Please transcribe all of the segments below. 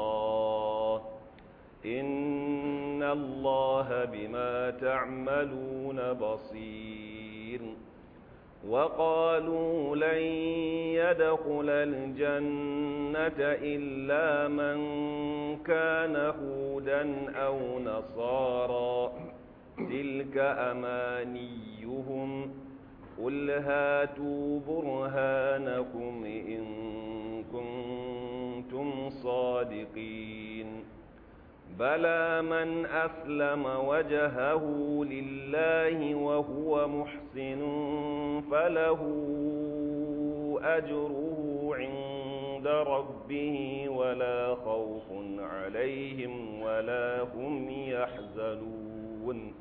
الله إن الله بما تعملون بصير وقالوا لن يدخل الجنة إلا من كان هودا أو نصارا تلك أمانيهم قل هاتوا برهانكم إن كنتم صادقين بلى من أسلم وجهه لله وهو محسن فله أجره عند ربه ولا خوف عليهم ولا هم يحزنون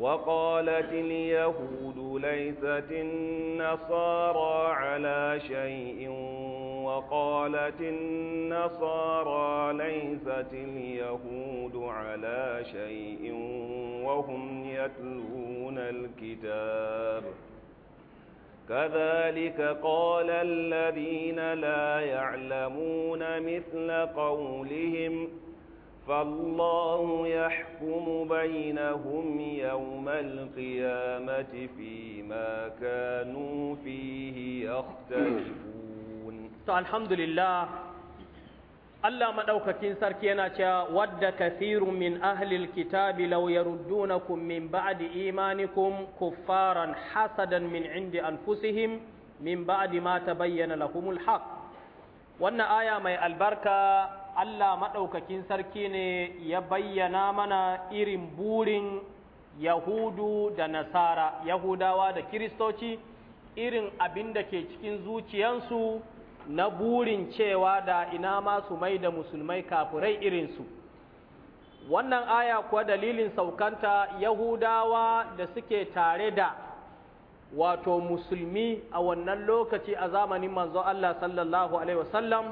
وقالت اليهود ليست النصارى على شيء وقالت النصارى ليست اليهود على شيء وهم يتلون الكتاب كذلك قال الذين لا يعلمون مثل قولهم فالله يحكم بينهم يوم القيامة فيما كانوا فيه يختلفون to alhamdulillah Allah maɗaukakin sarki yana cewa wadda kafiru min ahlil kitabi law yaruddunakum min ba'di imanikum kuffaran hasadan min indi anfusihim min ba'di ma tabayyana lahumul haqq wannan aya mai albarka Allah maɗaukakin sarki ne ya bayyana mana irin burin Yahudu da Nasara, Yahudawa da Kiristoci, irin abin da ke cikin zuciyansu na burin cewa da ina ma su mai da musulmai irin su? wannan aya kuwa dalilin saukanta yahudawa da suke tare da wato musulmi a wannan lokaci a zamanin manzo Allah sallallahu alaihi wasallam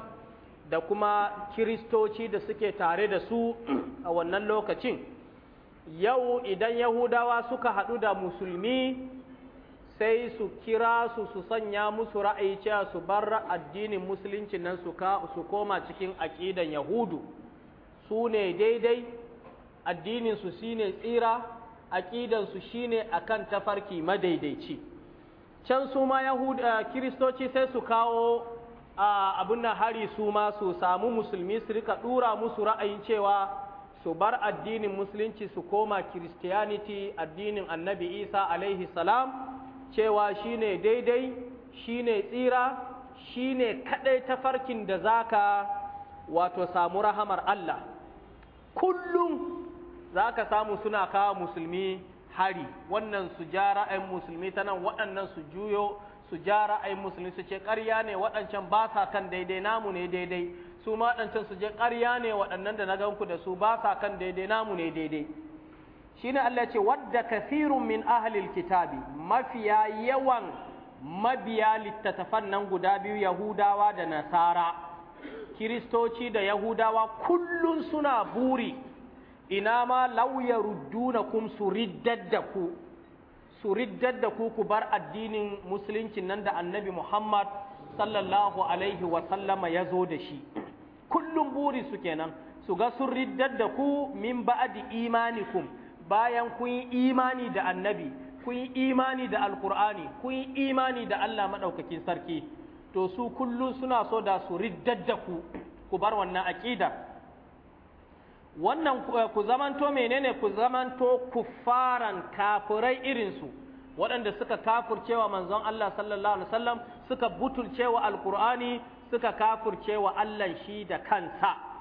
da kuma kiristoci da suke tare da su a wannan lokacin yau idan yahudawa suka haɗu da musulmi sai su kira su su sanya musu ra'ayi cewa su bar addinin musulunci nan su koma cikin aqidan yahudu su ne daidai addinin su shine tsira aqidan su shine akan tafarki madaidaici can su ma yahudu eh, kristoci sai su kawo abun nan hari su ma su samu musulmi su rika ɗura musu ra'ayin cewa su bar addinin musulunci su koma christianity addinin annabi isa alaihi salam cewa shi ne daidai shi ne tsira shi shine kadai tafarkin da zaka wato samu rahamar Allah kullum zaka samu suna kawo musulmi hari wannan su ja ra'ayin musulmi ta nan waɗannan su juyo su ja ra'ayin musulmi su ce ƙarya ne waɗancan ba sa kan daidai namu ne daidai su ma waɗancan su je ƙarya ne waɗannan da na ganku da su ba sa kan daidai namu ne daidai shine Allah ce wadda kathirun min ahlil kitabi mafiya yawan mabiya littattafan nan guda biyu Yahudawa da Nasara Kiristoci da Yahudawa kullun suna buri ina ma lauya rudduna kum su riddar da ku su riddar da ku ku bar addinin musulunci nan da annabi Muhammad sallallahu alaihi wasallama ya zo da shi kullum buri su kenan su ga sun riddar da ku min imani imanikum bayan kun yi imani da annabi kun yi imani da alkur'ani kun yi imani da Allah maɗaukakin sarki to su kullum suna so da su riddadda ku ku bar wannan aƙidar wannan eh, ku zamanto menene ku zamanto kuffaran kafirai irinsu waɗanda suka kafurcewa manzon Allah sallallahu alaihi wasallam suka butulcewa alkur'ani suka kafurcewa Allah shi da kansa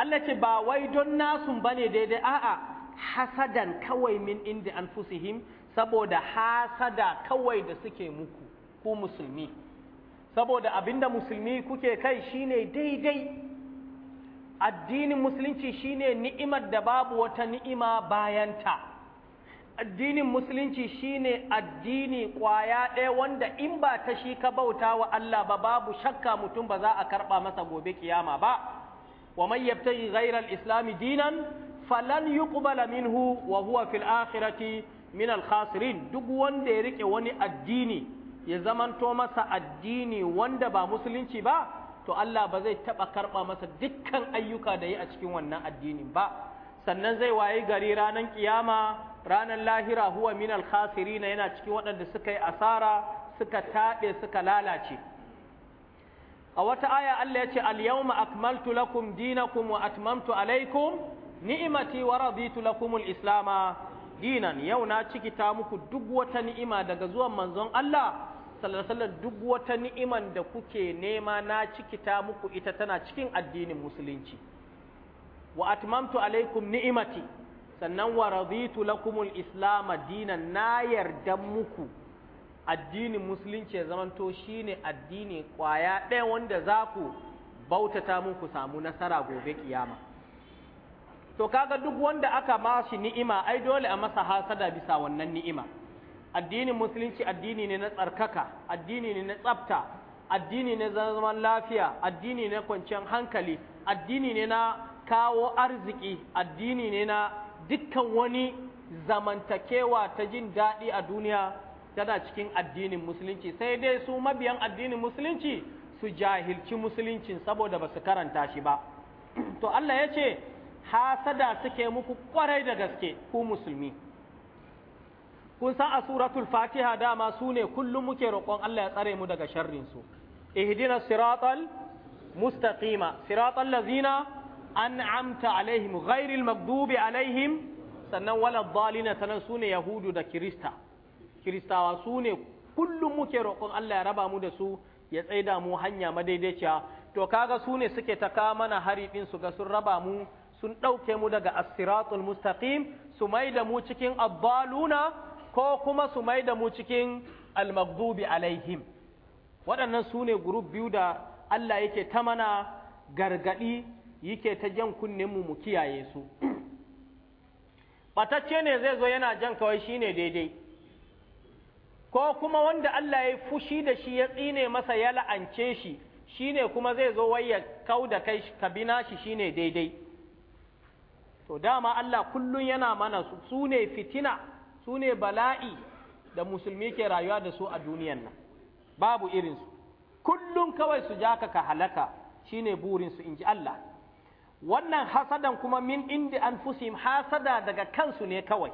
Allah ce ba wai don nasun bane daidai a'a hasadan kawai min inda an fusihim saboda hasada kawai da suke muku ku musulmi saboda abinda musulmi kuke kai shine daidai addinin musulunci shine ni'imar da babu wata ni'ima bayanta addinin musulunci shine addini kwaya ɗaya wanda in ba ta shi ka bauta wa Allah ba babu shakka mutum ba za a karɓa masa gobe kiyama ba wa man yabtaghi islami al-islam dinan falan yuqbala minhu wa huwa fil akhirati min al-khasirin duk wanda ya riƙe wani addini ya zamanto masa addini wanda ba musulunci ba to Allah ba zai taɓa karɓa masa dukkan ayyuka da yi a cikin wannan addinin ba sannan zai wayi gari ranar ƙiyama, ranar lahira huwa min al-khasirin yana cikin waɗanda suka yi asara suka taɓe suka lalace a wata aya Allah ya ce al-yawma akmaltu lakum dinakum wa atmamtu alaykum ni'mati wa raditu lakum al-islama dinan yau na ciki ta muku duk wata ni'ima daga zuwan manzon Allah sallallahu alaihi duk wata ni'iman da kuke nema na ciki ta muku ita tana cikin addinin musulunci wa atmamtu alaykum ni'mati sannan wa raditu lakum al-islama dinan na yarda muku addinin musulunci ya zamanto ne addini kwaya ɗaya wanda za ku bautata mun ku samu nasara gobe ƙiyama. to kaga duk wanda aka mashi ni'ima ai dole a masa hasada bisa wannan ni'ima addinin musulunci addini ne na tsarkaka addini ne na tsafta addini ne na zaman lafiya addini ne na kwanciyar hankali addini ne na kawo arziki addini ne na dukkan wani zamantakewa ta jin daɗi a duniya tana cikin addinin musulunci sai dai su mabiyan addinin musulunci su jahilci musuluncin saboda ba su karanta shi ba to Allah ya ce hasada suke muku kwarai da gaske ku musulmi kun san a suratul fatiha dama su ne kullum muke roƙon Allah ya tsare mu daga sharrin su ihdina siratal mustaqima siratal lazina an'amta alaihim ghairil maghdubi alaihim sannan wala dhalina sannan su ne yahudu da kirista kiristawa su ne kullum muke roƙon Allah ya raba mu da su ya tsaida mu hanya madaidaiciya to kaga su ne suke taka mana hari din su ga sun raba mu sun ɗauke mu daga as-siratul mustaqim su mai da mu cikin abbaluna ko kuma su mai da mu cikin al alaihim waɗannan su ne group biyu da Allah yake ta mana gargaɗi yake ta jan kunnen mu kiyaye su batacce ne zai zo yana jan kawai shine daidai ko kuma wanda Allah ya fushi da shi ya tsine masa ya la'ance shi shine kuma zai zo wai ya kau da kai ka bina shi shine daidai to dama Allah kullun yana mana su ne fitina su ne bala'i da musulmi ke rayuwa da su a duniyan nan babu irinsu kullun kawai su jaka ka halaka shine burinsu in ji Allah wannan hasadan kuma min indi anfusihim hasada daga kansu ne kawai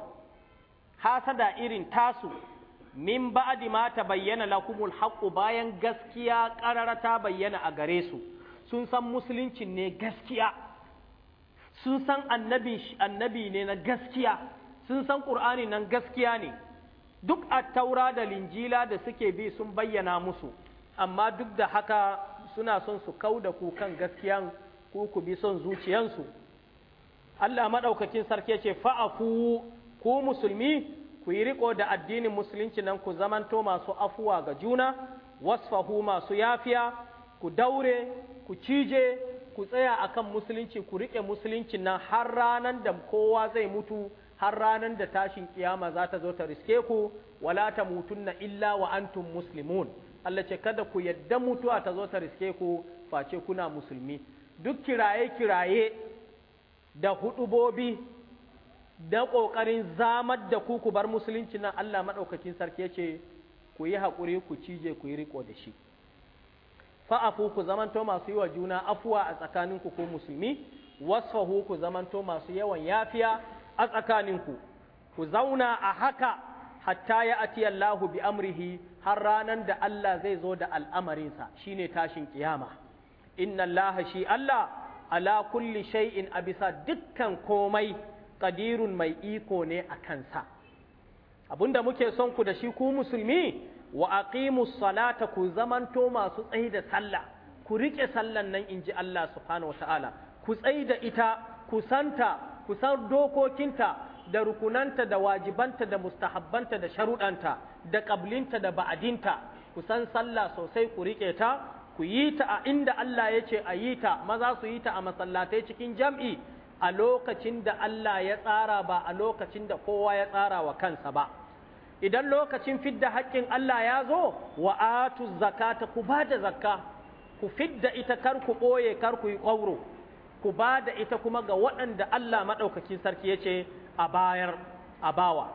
hasada irin tasu min ba'di ma tabayyana lakumul haqqu bayan gaskiya qarara ta bayyana a gare su sun san musuluncin ne gaskiya sun san annabi annabi ne na gaskiya sun san qur'ani nan gaskiya ne duk at-taura da linjila da suke bi sun bayyana musu amma duk da haka suna son su kauda ku kan gaskiya ku ku bi son zuciyansu Allah madaukakin sarki ya ce fa'afu ku musulmi ku yi riko da addinin musulunci nan ku zamanto masu afuwa ga juna wasfahu masu yafiya ku daure ku cije ku tsaya akan musulunci ku riƙe musulunci nan har ranan da kowa zai mutu har ranar da tashin kiyama za ta zo ta riske ku wala ta mutunna illa wa antum muslimun Allah ce kada ku yadda mutuwa ta zo ta riske ku face kuna musulmi duk kiraye kiraye da hudubobi da ƙoƙarin zamar da ku ku bar musulunci nan Allah maɗaukakin sarki ya ce ku yi haƙuri ku cije ku yi riƙo da shi fa'afu ku zamanto masu yi wa juna afuwa a tsakaninku ko musulmi wasfahu ku zamanto masu yawan yafiya a tsakaninku ku zauna a haka hatta ya ati Allahu bi amrihi har ranar da Allah zai zo da al'amarinsa shine tashin kiyama inna Allah shi Allah ala kulli shay'in a bisa dukkan komai Ƙadirun mai iko ne a kansa abinda muke son ku da shi ku musulmi wa aqimu salata ku zamanto masu tsayi da sallah ku riƙe sallan nan inji Allah subhanahu wataala ku tsayi da ita ku santa ku san dokokinta da rukunanta da wajibanta da mustahabbanta da sharuɗanta da ƙablinta da ba'adinta ku san sallah sosai ku riƙe ta ku yi ta a inda Allah ya ce a yi ta maza su yi ta a masallatai cikin jam'i a lokacin da Allah ya tsara ba a lokacin da kowa ya tsara wa kansa ba idan lokacin fidda haƙƙin Allah ya zo wa atu zakata ku ba da zakka ku fidda ita kar ku ɓoye kar ku yi ƙwauro ku ba da ita kuma ga waɗanda Allah maɗaukacin sarki ya ce a bayar a bawa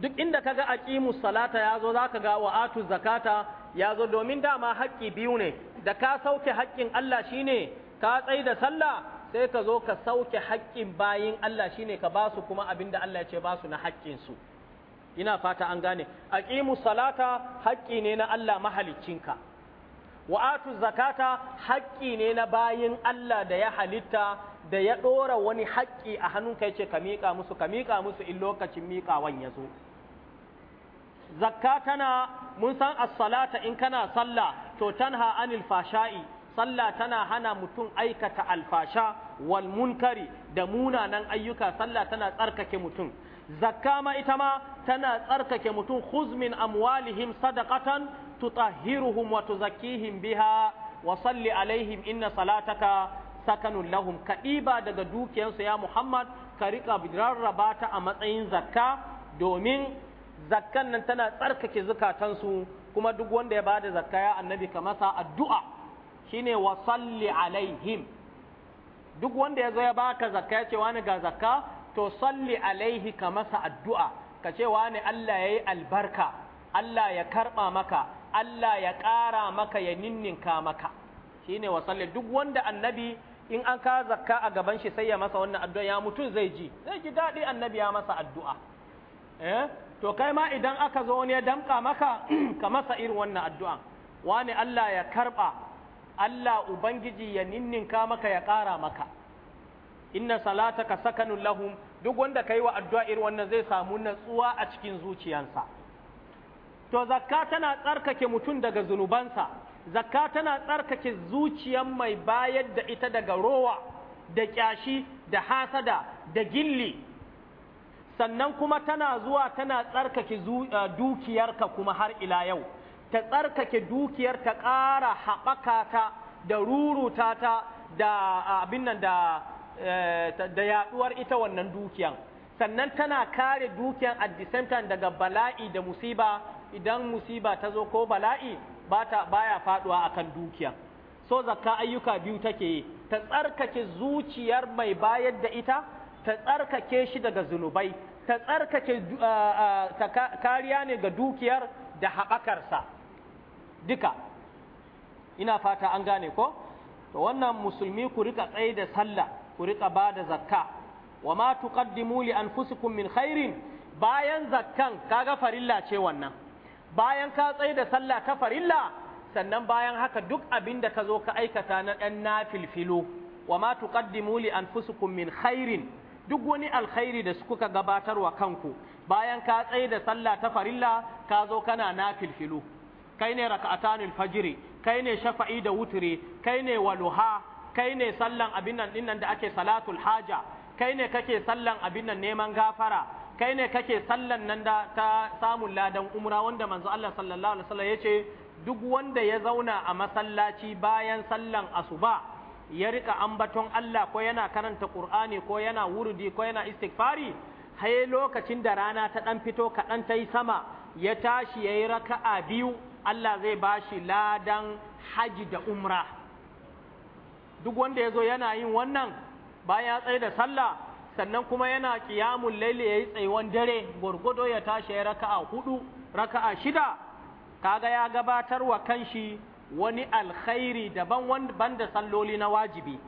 duk inda kaga aqimu salata ya zo zaka ga wa atu zakata ya zo domin dama haƙƙi biyu ne da ka sauke haƙƙin Allah shine ka da sallah sai ka zo ka sauke haƙƙin bayin Allah shine ka ba su kuma abin da Allah ya ce ba su na haƙƙinsu ina fata an gane aqimu salata haƙƙi ne na Allah mahaliccinka Wa'atu zakata haƙƙi ne na bayin Allah da ya halitta da ya ɗora wani haƙƙi a hannunka yace ka miƙa musu ka miƙa musu in lokacin miƙawan ya zo zakka tana mun san as-salata in kana sallah to tanha anil fasha'i sallah tana hana mutum aikata alfasha wal munkari da munanan ayyuka sallah tana tsarkake mutum zakka ma ita ma tana tsarkake mutum khuz min amwalihim sadaqatan tutahhiruhum wa tuzakkihim biha wasalli salli alaihim inna salataka sakanun lahum ka ɗiba daga dukiyarsu ya Muhammad ka riƙa rarraba ta a matsayin zakka domin zakkan nan tana tsarkake zukatansu kuma duk wanda ya bada zakka ya annabi ka masa addu'a shine wasalli salli alaihim duk wanda ya zo ya baka zakka ya ce wani ga zakka to salli alaihi ka masa addu'a ka ce wani Allah ya yi albarka Allah ya karɓa maka Allah ya ƙara maka ya ninninka maka shine wa salli duk wanda annabi in an ka zakka a gaban shi sai ya masa wannan addu'a ya mutum zai ji zai ji daɗi annabi ya masa addu'a eh to kai ma idan aka zo wani ya damƙa maka ka masa irin wannan addu'a wani Allah ya karɓa Allah Ubangiji ya ninninka maka ya ƙara maka inna salataka sakanun lahum duk wanda ka yi wa addu'a irin wannan zai samu natsuwa a cikin zuciyarsa. to zakka tana tsarkake mutum daga zunubansa zakka tana tsarkake zuciyar mai bayar da ita daga rowa da ƙyashi, da hasada da gilli sannan kuma tana zuwa tana tsarkake eh, dukiyarka kuma har ila yau ta tsarkake dukiyar ta ƙara haɓaka ta da ruruta ta da abin nan da eh, da ita wannan dukiyan sannan tana kare dukiyan at the daga bala'i da musiba idan musiba ta zo ko bala'i baya faɗuwa a kan dukiyan so zakka ayyuka biyu take yi ta tsarkake zuciyar mai bayar da ita ta tsarkake shi daga zunubai ta tsarkake eh, eh, kariya ne ga dukiyar da haɓakarsa duka ina fata an gane ko to wannan musulmi ku rika tsaye da sallah ku rika ba da zakka wa ma tuqaddimu li anfusikum min khairin bayan zakkan kaga farilla ce wannan bayan ka tsaye da sallah ta farilla sannan bayan haka duk abin da ka zo ka aikata na dan nafilfilo wa ma tuqaddimu li anfusikum min khairin duk wani alkhairi da kuka gabatarwa kanku bayan ka tsaye da sallah ta farilla ka zo kana nafilfilo kai ne raka'atanil fajiri kai ne shafa'i da wutri kai ne waluha kai ne sallan abin nan dinnan da ake salatul haja kai ne kake sallan abin nan neman gafara kai ne kake sallan nan da ta samun ladan umra wanda manzo Allah sallallahu alaihi wasallam yace duk wanda ya zauna a masallaci bayan sallan asuba ya rika ambaton Allah ko yana karanta Qur'ani ko yana wurudi ko yana istighfari hai lokacin da rana ta dan fito kaɗan ta yi sama ya tashi yayi raka'a biyu Allah zai ba shi ladan haji da umra duk wanda ya zo yana yin wannan bayan ya tsaye da sallah sannan kuma yana ƙiyamun laili ya yi dare gwargwado ya tashi ya raka'a hudu raka'a shida kaga ya gabatar wa kanshi wani alkhairi daban banda salloli na wajibi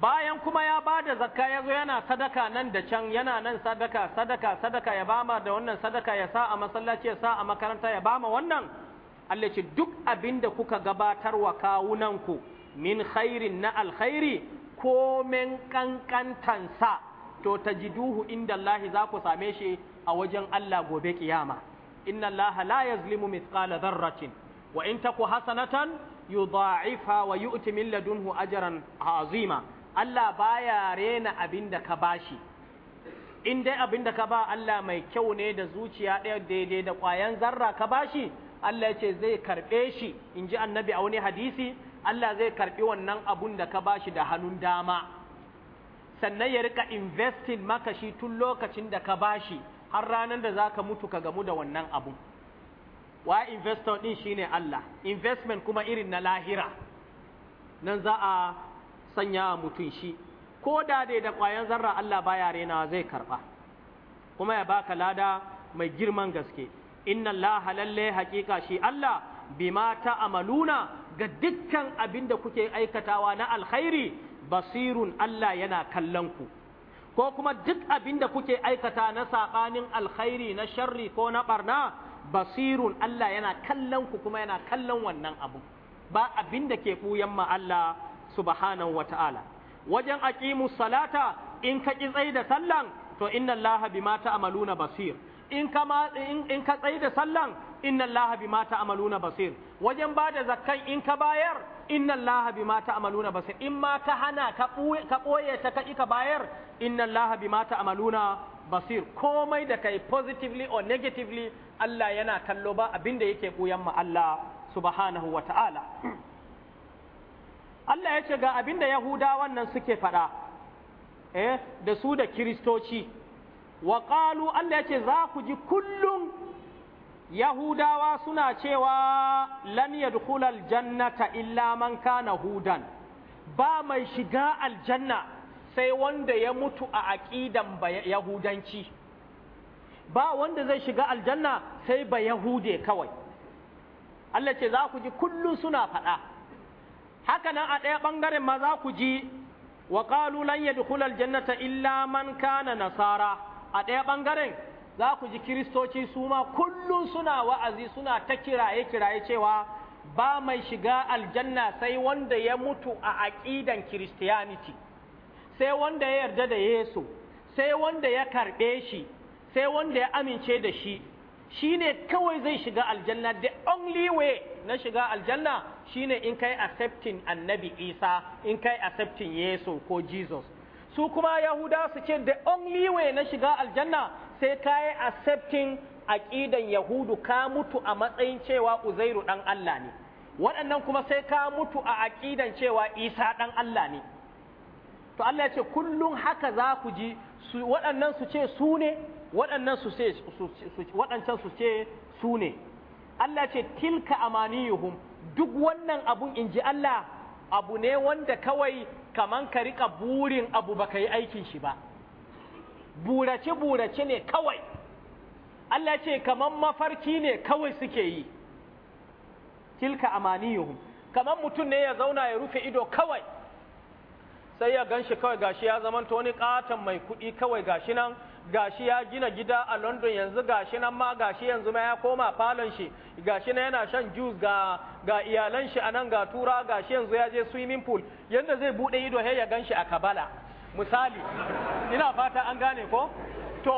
bayan kuma ya ba da zakka ya zo yana sadaka nan da can yana nan sadaka sadaka sadaka ya bama da wannan sadaka ya sa a masallaci ya sa a makaranta ya bama wannan allaci duk abin da kuka gabatar wa kawunanku min khairin na alkhairi min kankantansa to duhu inda Allah za ku same shi a wajen Allah gobe kiyama inna Allah la yazlimu mithqala dharratin wa in taku hasanatan yudha'ifha wa yu'ti min ladunhu ajran azima Allah baya rena abin da ka ba shi, in dai abin da ka ba Allah mai kyau ne da zuciya ɗaya daidai da ƙwayan zarra ka bashi Allah ya ce zai karɓe shi in ji annabi a wani hadisi Allah zai karɓi wannan abun da ka ba shi da hannun dama sannan ya rika investing maka shi tun lokacin da ka ba shi, har ranar da za ka mutu ka gamu da wannan abun wa investor din shine Allah investment kuma irin na lahira nan za a sanya mutum shi ko da dai da ƙwayan zarra Allah baya rena zai karɓa kuma ya baka lada mai girman gaske inna Allah lalle haƙiƙa shi Allah bima amaluna ga dukkan abin da kuke aikatawa na alkhairi basirun Allah yana kallon ku ko kuma duk abin da kuke aikata na saɓanin alkhairi na sharri ko na ɓarna basirun Allah yana kallon ku kuma yana kallon wannan abu ba abin da ke ɓuyan ma Allah subhanahu wa ta'ala wajen aqimu salata in ka ki tsaye da sallan to inna allaha bima ta'maluna basir in ka in ka tsayi da sallan inna allaha bima ta'maluna basir wajen bada zakkan in ka bayar inna allaha bima ta'maluna basir in ma ka hana ka ka boye ta ka ka bayar inna allaha bima ta'maluna basir komai da kai positively or negatively Allah yana kallo ba abinda yake buyan ma Allah subhanahu wa ta'ala Allah ya ce ga abinda Yahudawan wannan suke faɗa eh da su da Kiristoci wa qalu Allah ya ce za ku ji kullum Yahudawa suna cewa lan yadkhulal jannata illa man kana hudan ba mai shiga aljanna sai wanda ya mutu a aqidan Yahudanci ba wanda zai shiga aljanna sai ba Yahude kawai Allah ce za ku ji kullum suna faɗa haka nan a ɗaya ɓangaren ma za ku ji wa ƙalu lan yadkhula aljannata illa man kana nasara a ɗaya ɓangaren za ku ji kiristoci su ma kullum suna wa'azi suna ta kiraye kiraye cewa ba mai shiga aljanna sai wanda ya mutu a aƙidan kiristiyaniti sai wanda ya yarda da yesu sai wanda ya karɓe shi sai wanda ya amince da shi shine kawai zai shiga aljanna the only way na shiga aljanna shine in kai accepting annabi isa in kai accepting yesu ko jesus su kuma yahuda su ce the only way na shiga aljanna sai kai accepting aqidan yahudu ka mutu a matsayin cewa uzairu dan allah ne waɗannan kuma sai ka mutu a aqidan cewa isa dan allah ne to allah ya ce kullum haka za ku ji waɗannan su ce su ne waɗannan su ce waɗancan su ce su ne Allah ce tilka amaniyuhum duk wannan abun in ji Allah abu ne wanda kawai kaman ka rika burin abu baka yi aikin shi ba burace burace ne kawai Allah ce kaman mafarki ne kawai suke yi tilka amaniyuhum kaman mutum ne ya zauna ya rufe ido kawai sai ya ganshi kawai gashi ya zamanta wani katon mai kuɗi kawai gashi nan gashi ya gina gida a London yanzu gashi nan ma gashi yanzu ma ya koma falon shi gashi nan yana shan juice ga ga iyalan shi anan ga tura gashi yanzu ya je swimming pool yanda zai bude ido ya gan shi a Kabala misali ina fata an gane ko to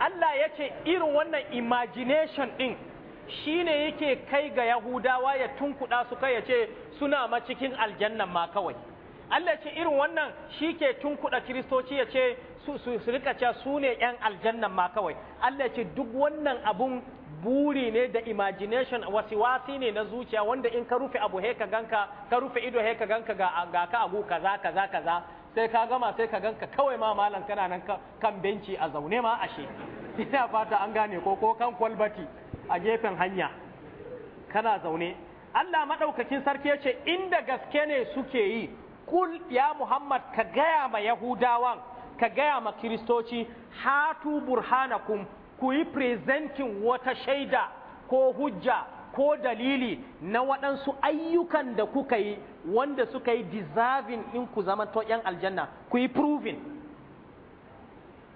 Allah ya ce irin wannan imagination din shine yake kai ga Yahudawa ya tunkuɗa su kai ya ce suna ma cikin aljannan ma kawai Allah ce irin wannan shike ke tunkuɗa Kiristoci ya ce su su rika cewa su ne yan aljannan ma kawai Allah ce duk wannan abun buri ne da imagination wasi-wasi ne na zuciya wanda in ka rufe abu he ganka ka rufe ido he ganka ga ga ka abu kaza kaza kaza sai ka gama sai ka ganka kawai ma malam kana nan kan benci a zaune ma ashe ina fata an gane ko ko kan kwalbati a gefen hanya kana zaune Allah madaukakin sarki ya ce inda gaske ne suke yi kul ya Muhammad ka gaya ma Yahudawan ka gaya ma kiristoci hatu burhanakum ku yi presentin wata shaida ko hujja ko dalili na waɗansu ayyukan da kuka yi wanda suka yi deserving in ku zama to ‘yan aljanna ku yi proving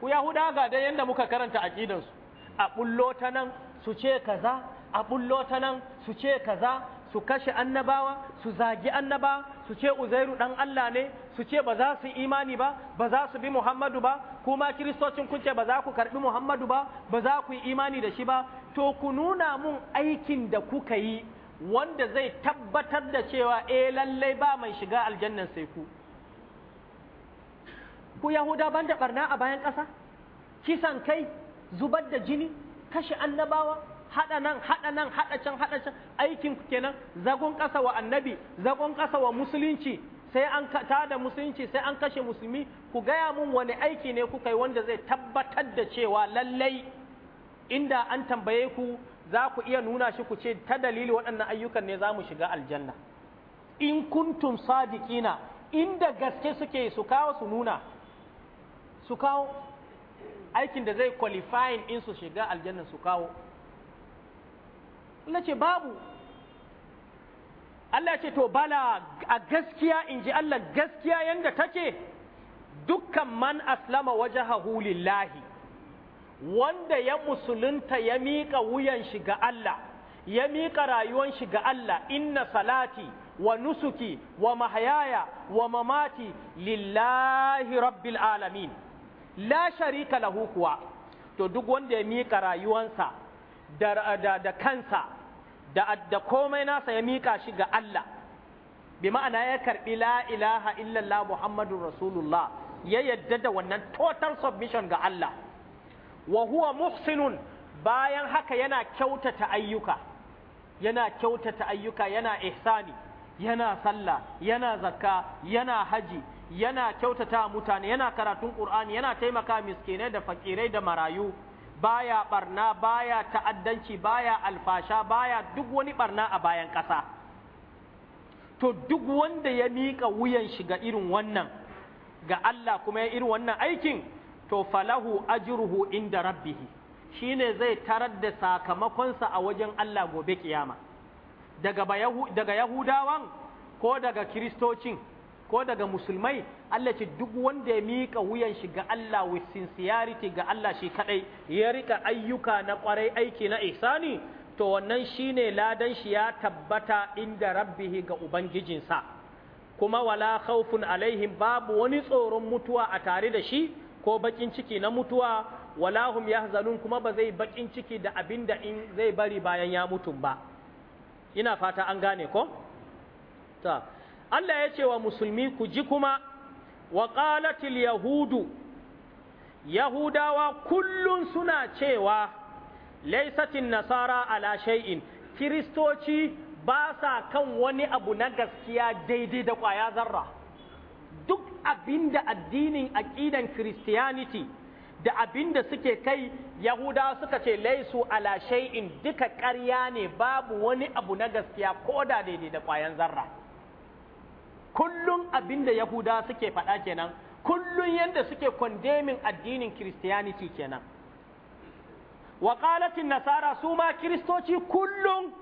ku yahuda ga dai yadda muka karanta aƙidansu a ɓullo ta nan su ce kaza a ɓullo ta nan su ce kaza su kashe annabawa su zagi annabawa. su ce uzairu ɗan Allah ne su ce ba za su imani ba ba za su bi Muhammadu ba kuma kiristocin kun ce ba za ku karbi Muhammadu ba ba za ku yi imani da shi ba to ku nuna mun aikin da kuka yi wanda zai tabbatar da cewa eh lallai ba mai shiga aljannan sai ku ku Yahuda ban da barna a bayan ƙasa kisan kai zubar da jini kashe annabawa haɗa nan haɗa nan haɗa can haɗa can aikin kenan zagon ƙasa wa annabi zagon ƙasa wa musulunci sai an da musulunci sai an kashe musulmi ku gaya mun wani aiki ne kuka yi wanda zai tabbatar da cewa lallai inda an tambaye ku za ku iya nuna shi ku ce ta dalili waɗannan ayyukan ne za mu shiga aljanna in kuntum sadiqina inda gaske suke su kawo su nuna su kawo aikin da zai qualifying in su shiga aljanna su kawo Allah ce babu Allah ce to bala a gaskiya in ji Allah gaskiya yanda take dukkan man aslama wajahahu lillahi wanda ya musulunta ya miƙa wuyan shi ga Allah ya miƙa rayuwan shi ga Allah inna salati wa nusuki wa mahayaya wa mamati lillahi rabbil alamin la sharika lahu kuwa to duk wanda ya miƙa rayuwansa da, da, da kansa da adda komai nasa ya miƙa shi ga Allah bi ma'ana ya karɓi la ilaha illallah muhammadur rasulullah ya yadda da wannan total submission ga Allah wa huwa muhsinun bayan haka yana kyautata ayyuka yana kyautata ayyuka yana ihsani yana sallah yana zakka yana haji yana kyautata mutane yana karatun qur'ani yana taimaka miskinai da fakirai da marayu baya barna baya ta'addanci baya alfasha baya duk wani barna a bayan ƙasa to duk wanda ya miƙa wuyan shi ga irin wannan ga Allah kuma ya irin wannan aikin to falahu ajruhu inda rabbih shine zai tarar da sakamakonsa a wajen Allah gobe kiyama daga yahudawan ko daga kiristocin ko daga musulmai Allah ce duk wanda ya mika wuyan shi ga Allah with sincerity ga Allah shi kadai ya rika ayyuka na kwarai aiki na ihsani to wannan shine ladan shi ya tabbata inda rabbihi ga ubangijinsa kuma wala khawfun alaihim babu wani tsoron mutuwa a tare da shi ko bakin ciki na mutuwa wala hum yahzanun kuma ba zai bakin ciki da abinda in zai bari bayan ya mutu ba ina fata an gane ko ta Allah ya ce wa musulmi ku ji kuma wa qalatil yahudu yahudawa kullum suna cewa laisatin nasara ala shay'in kiristoci ba sa kan wani abu na gaskiya daidai da kwaya zarra duk abinda addinin aqidan christianity da abinda suke kai yahudawa suka ce laisu ala shay'in duka ƙarya ne babu wani abu na gaskiya ko daidai da kwayan zarra kullum abinda yahuda suke faɗa kenan kullum yadda suke condemning addinin christianity kenan wa nasara su ma kristoci kullum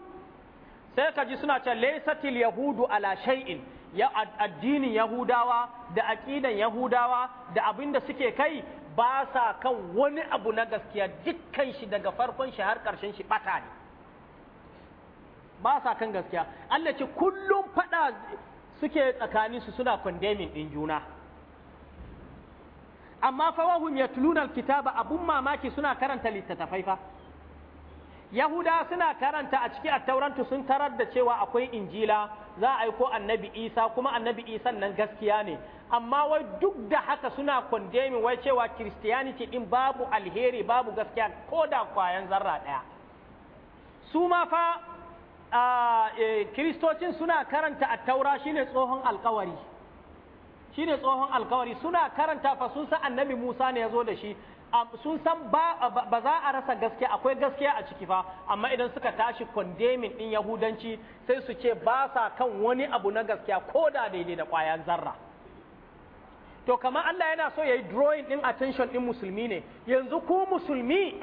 sai ka ji suna ce laysatil yahudu ala shay'in ya addinin yahudawa da aqidan yahudawa da abinda suke kai ba sa kan wani abu na gaskiya dukkan shi daga farkon shi har karshen shi bata ne ba sa kan gaskiya Allah ce kullum fada suke tsakanin su suna condemning ɗin juna amma fa ya yatluna alkitaba abun mamaki suna karanta littattafai fa yahuda suna karanta a ciki attaurantu sun tarar da cewa akwai injila za a aiko annabi isa kuma annabi isa nan gaskiya ne amma wai duk da haka suna condemning wai cewa christianity din babu alheri babu gaskiya ko da kwayan zarra daya su ma fa E, kiristocin suna karanta a taura shine tsohon alkawari shine tsohon alkawari suna karanta fa sun san annabi Musa ne ya zo da shi sun san ba za a rasa gaskiya akwai gaskiya a ciki fa amma idan suka tashi kondemin din yahudanci sai su ce ba sa kan wani abu na gaskiya ko da daidai da kwayan zarra to kamar Allah yana so ya yi drawing din attention din musulmi ne yanzu ku musulmi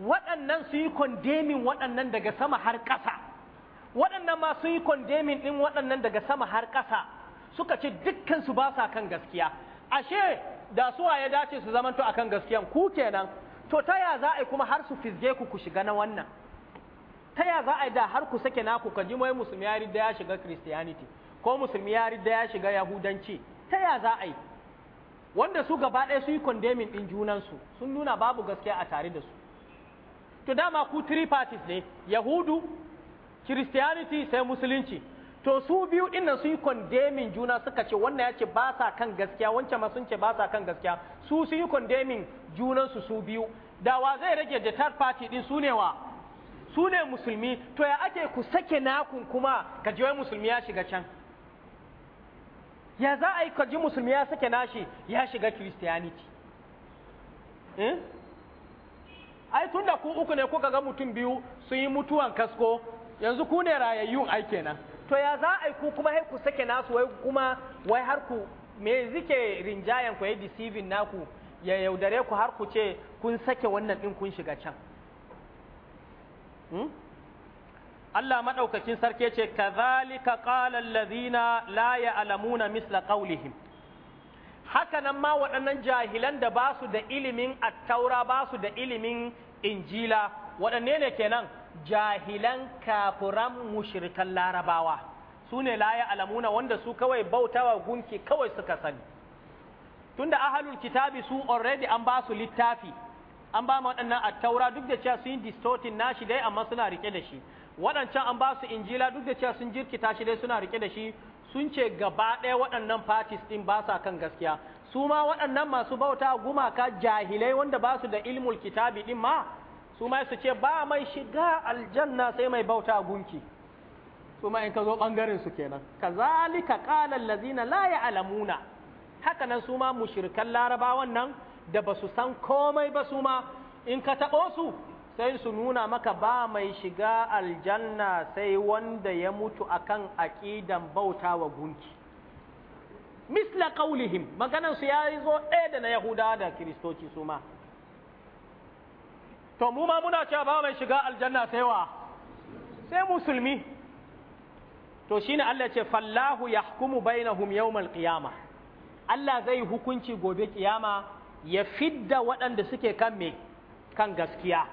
waɗannan su yi kondemin waɗannan daga sama har ƙasa waɗannan ma sun yi kondemin ɗin waɗannan daga sama har ƙasa suka ce dukkansu ba sa kan gaskiya ashe da suwa ya dace su zamanto a kan gaskiyan ku kenan to ta ya za a yi kuma har su fizge ku ku shiga na wannan ta ya za a yi da har ku sake naku ka ji mai musulmi ya da ya shiga christianity ko musulmi ya da ya shiga yahudanci ta ya za a yi wanda su gaba ɗaya su yi kondemin ɗin junansu sun nuna babu gaskiya a tare da su to dama ku three parties ne yahudu Christianity sai musulunci to su biyu din nan sun yi condemning juna suka ce wannan ya ce ba sa kan gaskiya wancan ma sun ce ba sa kan gaskiya su sun yi condemning junan su su biyu da wa zai rage da third party din su ne wa su ne musulmi to ya ake ku sake nakun kuma ka ji wai musulmi ya shiga can ya za a yi ka ji musulmi ya sake nashi ya shiga christianity eh ai tunda ku uku ne kuka ga mutum biyu sun yi mutuwan kasko yanzu ku ne rayayyun ai kenan to ya za a ku kuma ku sake nasu wai kuma wai har ku me zike rinjayen ku ya deceiving naku ya yaudare ku har ku ce kun sake wannan din kun shiga can hmm? Allah madaukakin sarki ce kazalika qala allazina la ya'lamuna misla qawlihim haka nan ma waɗannan jahilan da ba su da ilimin attaura ba su da ilimin injila waɗanne ne kenan jahilan kafuran mushrikan larabawa su ne laye alamuna wanda su kawai bautawa gunki kawai suka sani tunda ahalul kitabi su already an ba su littafi an ba waɗannan taura, duk da cewa sun yi distortin nashi dai amma suna rike da shi waɗancan an ba su injila duk da cewa sun jirkita shi dai suna rike da shi sun ce gaba ɗaya waɗannan parties ɗin ba sa kan gaskiya su ma waɗannan masu bauta gumaka jahilai wanda ba su da ilmul kitabi ɗin ma su ma su ce ba mai shiga aljanna sai mai bauta gunki su ma in ka zo ɓangaren su kenan kazalika qala allazina la ya'lamuna haka nan su ma mushrikan larabawan nan da ba su san komai ba su ma in ka taɓo su sai su nuna maka ba mai shiga aljanna sai wanda ya mutu akan aƙidan bauta wa gunki misla qaulihim maganan su yayi zo ɗaya da na yahudawa da kiristoci su ma to mu ma muna cewa ba mai shiga aljanna sai wa sai musulmi to shine Allah ce fallahu yahkumu bainahum yawmal qiyama Allah zai hukunci gobe kiyama ya fidda waɗanda suke kan me kan gaskiya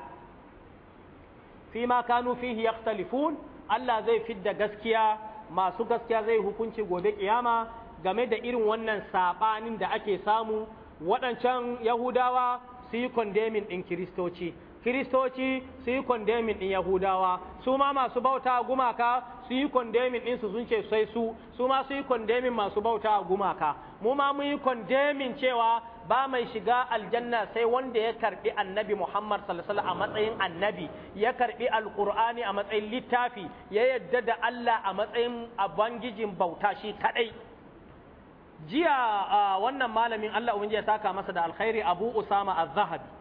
fima kanu fihi yakhtalifun Allah zai fidda gaskiya masu gaskiya zai hukunci gobe kiyama game da irin wannan sabanin da ake samu waɗancan Yahudawa su yi kondemin ɗin Kiristoci kiristoci su yi kondemin ɗin yahudawa su ma masu bauta gumaka su yi kondemin ɗinsu sun ce sai su su ma su yi kondemin masu bauta gumaka mu ma mu yi kondemin cewa ba mai shiga aljanna sai wanda ya karbi annabi Muhammad sallallahu a matsayin annabi ya karbi alƙur'ani a matsayin littafi ya yadda da Allah a matsayin abangijin bauta shi kadai jiya wannan malamin Allah ubangiji ya saka masa da alkhairi Abu Usama az-Zahabi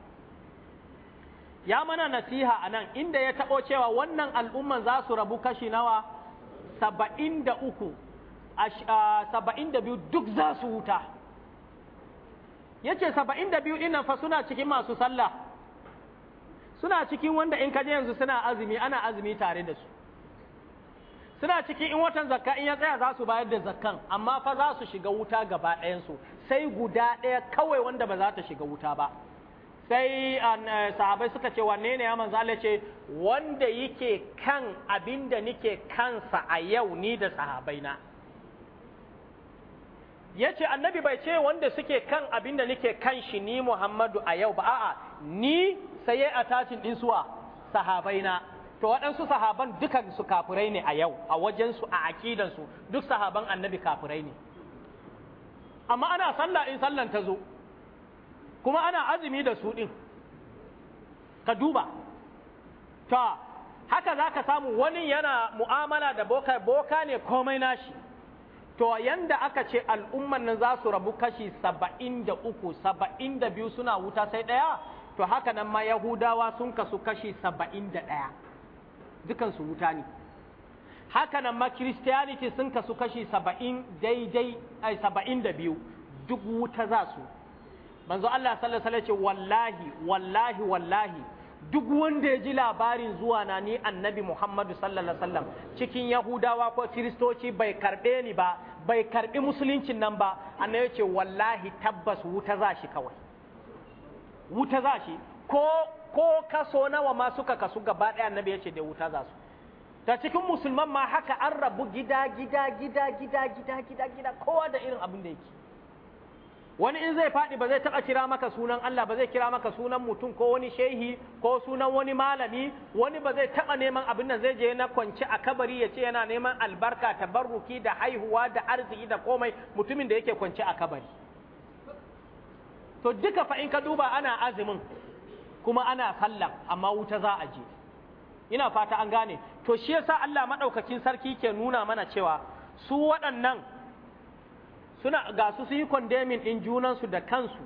ya mana nasiha a nan inda ya taɓo cewa wannan al'umman za su rabu kashi nawa saba'in da uku saba'in da biyu duk za su wuta ya ce saba'in da biyu ɗinnan fa suna cikin masu sallah suna cikin wanda in kaje yanzu suna azumi ana azumi tare da su suna cikin in watan zakka in ya tsaya za su bayar da zakkan amma fa za su shiga wuta gaba ɗayansu sai guda ɗaya kawai wanda ba za ta shiga wuta ba sai ah, sahabai suka ce wanne ne ya manzo Allah ce wanda yake kan abin nike kansa a yau ni da sahabaina ya ce annabi bai ce wanda suke kan abinda da nike kan shi ni Muhammadu a yau ba a'a ni sai ya attachin din suwa sahabaina to waɗansu sahaban dukan su kafirai ne a yau a wajen su a su duk sahaban annabi kafirai ne amma ana sallah in sallan ta zo kuma ana azumi da su ɗin ka duba To haka za ka samu wani yana mu'amala da boka boka ne komai nashi to yanda aka ce al'umman nan za su rabu kashi saba'in da uku saba'in da biyu suna wuta sai ɗaya to haka nan ma yahudawa sun kasu kashi saba'in da ɗaya dukansu wuta ne haka nan ma christianity sun kasu kashi saba'in daidai ai saba'in da biyu duk wuta za su manzo Allah sallallahu alaihi ce wallahi wallahi wallahi duk wanda ya ji labarin zuwa na ni annabi Muhammadu sallallahu alaihi wasallam cikin Yahudawa ko Kiristoci bai karbe ni ba bai karbi musuluncin nan ba annabi yace wallahi tabbas wuta za shi kawai wuta za shi ko ko kaso nawa ma suka kasu gaba ɗaya annabi yace da wuta za su ta cikin musulman ma haka an rabu gida gida gida gida gida gida gida kowa da irin abin da yake wani in zai faɗi ba zai taɓa kira maka sunan Allah ba zai kira maka sunan mutum ko wani shehi ko sunan wani malami wani ba zai taɓa neman abin da zai je na kwance a kabari ya ce yana neman albarka tabarruki da haihuwa da arziki da komai mutumin da yake kwance a kabari to duka fa in ka duba ana azumin kuma ana sallah, amma wuta za a je ina fata an gane to shi yasa Allah madaukakin sarki ke nuna mana cewa su waɗannan suna ga su su yi condemning in junansu da kansu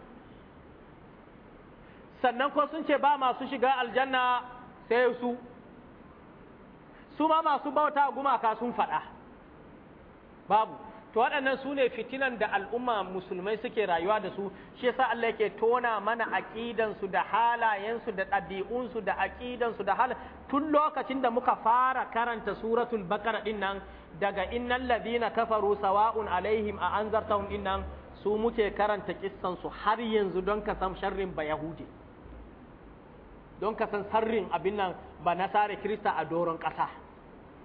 sannan ko sun ce ba masu shiga aljanna sai su su ma masu bauta gumaka sun faɗa babu to waɗannan su ne fitinan da al'umma musulmai suke rayuwa da su shi yasa Allah yake tona mana aƙidansu da halayensu da ɗabi'unsu da aƙidansu da hal tun lokacin da muka fara karanta suratul baqara din nan daga innal ladina kafaru sawa'un alaihim a anzartahum innan su muke karanta kissansu har yanzu don ka san sharrin ba yahudi don ka san sharrin abin nan ba nasara krista a doron ƙasa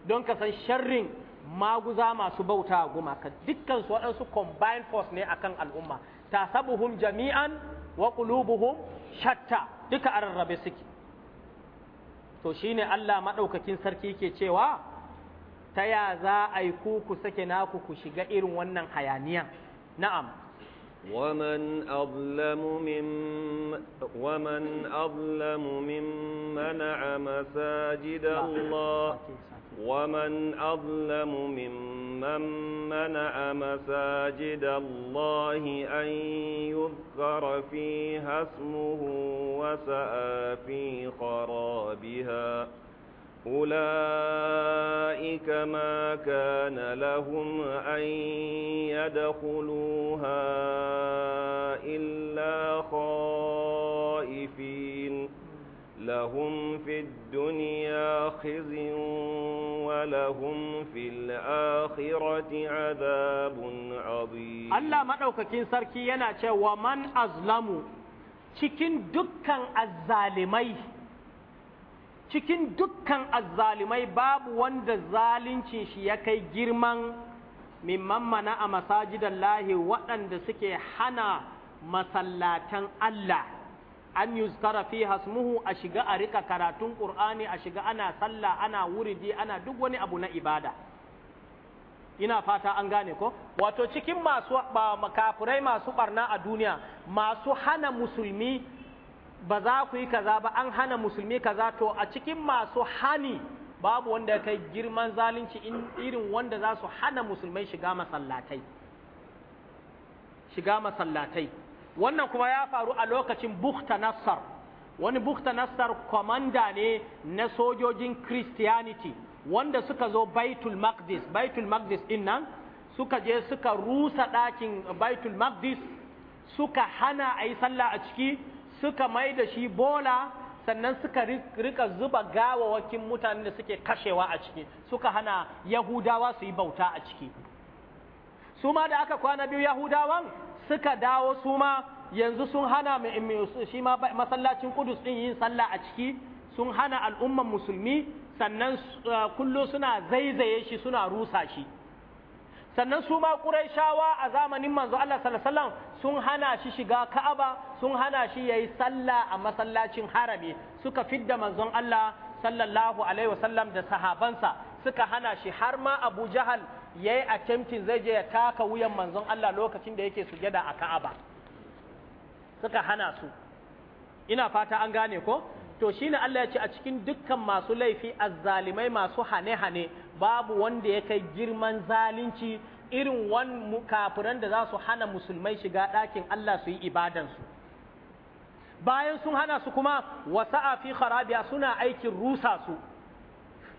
don ka san sharrin maguza masu bauta gumaka dukkan Dukkansu waɗansu combined force ne akan al'umma Ta tasabuhum jami'an wa qulubuhum shatta duka a rarrabe suke to shine Allah maɗaukakin sarki ke cewa ta ya za a yi ku ku sake naku ku shiga irin wannan hayaniyan na'am ومن أظلم مم ومن أظلم ممن منع مساجد الله ومن أظلم ممن منع مساجد الله أن يذكر فيها اسمه وسعى في خرابها أولئك ما كان لهم أن يدخلوها إلا خائفين لهم في الدنيا خزي ولهم في الآخرة عذاب عظيم الله مدوككين سركي ينا ومن أظلم cikin dukkan azzalimai cikin dukkan azzalimai babu wanda zalincin shi ya kai girman mimman mana a masajidan lahi waɗanda suke hana masallatan Allah an yuzkara fi hasmuhu a shiga a rika karatun ƙur'ani a shiga ana sallah ana wuridi ana duk wani abu na ibada ina fata an gane ko wato cikin masu kafurai masu barna a duniya masu hana musulmi ba za ku yi kaza ba an hana musulmi kaza to a cikin masu hani babu wanda ya kai girman zalunci in irin wanda za su hana musulmai shiga masallatai shiga masallatai wannan kuma ya faru a lokacin bukta nassar wani bukta nassar kwamanda ne na sojojin christianity wanda suka zo baitul maqdis baitul maqdis nan suka je suka rusa ɗakin baitul maqdis suka hana a yi sallah a ciki suka mai da shi bola sannan suka rika zuba gawawakin mutane da suke kashewa a ciki suka hana yahudawa su yi bauta a ciki su da aka kwana biyu yahudawan suka dawo su ma yanzu sun hana shi ma masallacin kudus din yin sallah a ciki sun hana al'umman musulmi sannan uh, kullu suna zaizaye shi suna rusa shi sannan su ma shawa a zamanin manzo Allah sallallahu alaihi wasallam sun hana shi shiga Ka'aba sun hana shi yayi sallah a masallacin harami suka fidda manzon Allah sallallahu alaihi wasallam da sahabansa suka hana shi har ma Abu Jahal yayi attempting zai je ya taka wuyan manzon Allah lokacin da yake sujada a Ka'aba suka hana su ina fata an gane ko to shine Allah ya ce a cikin dukkan masu laifi azzalimai masu hane-hane babu wanda ya kai girman zalunci irin wani kafiran da za su hana musulmai shiga ɗakin Allah su yi ibadansu bayan sun hana su kuma wasa'a fi harabiya suna aikin rusa su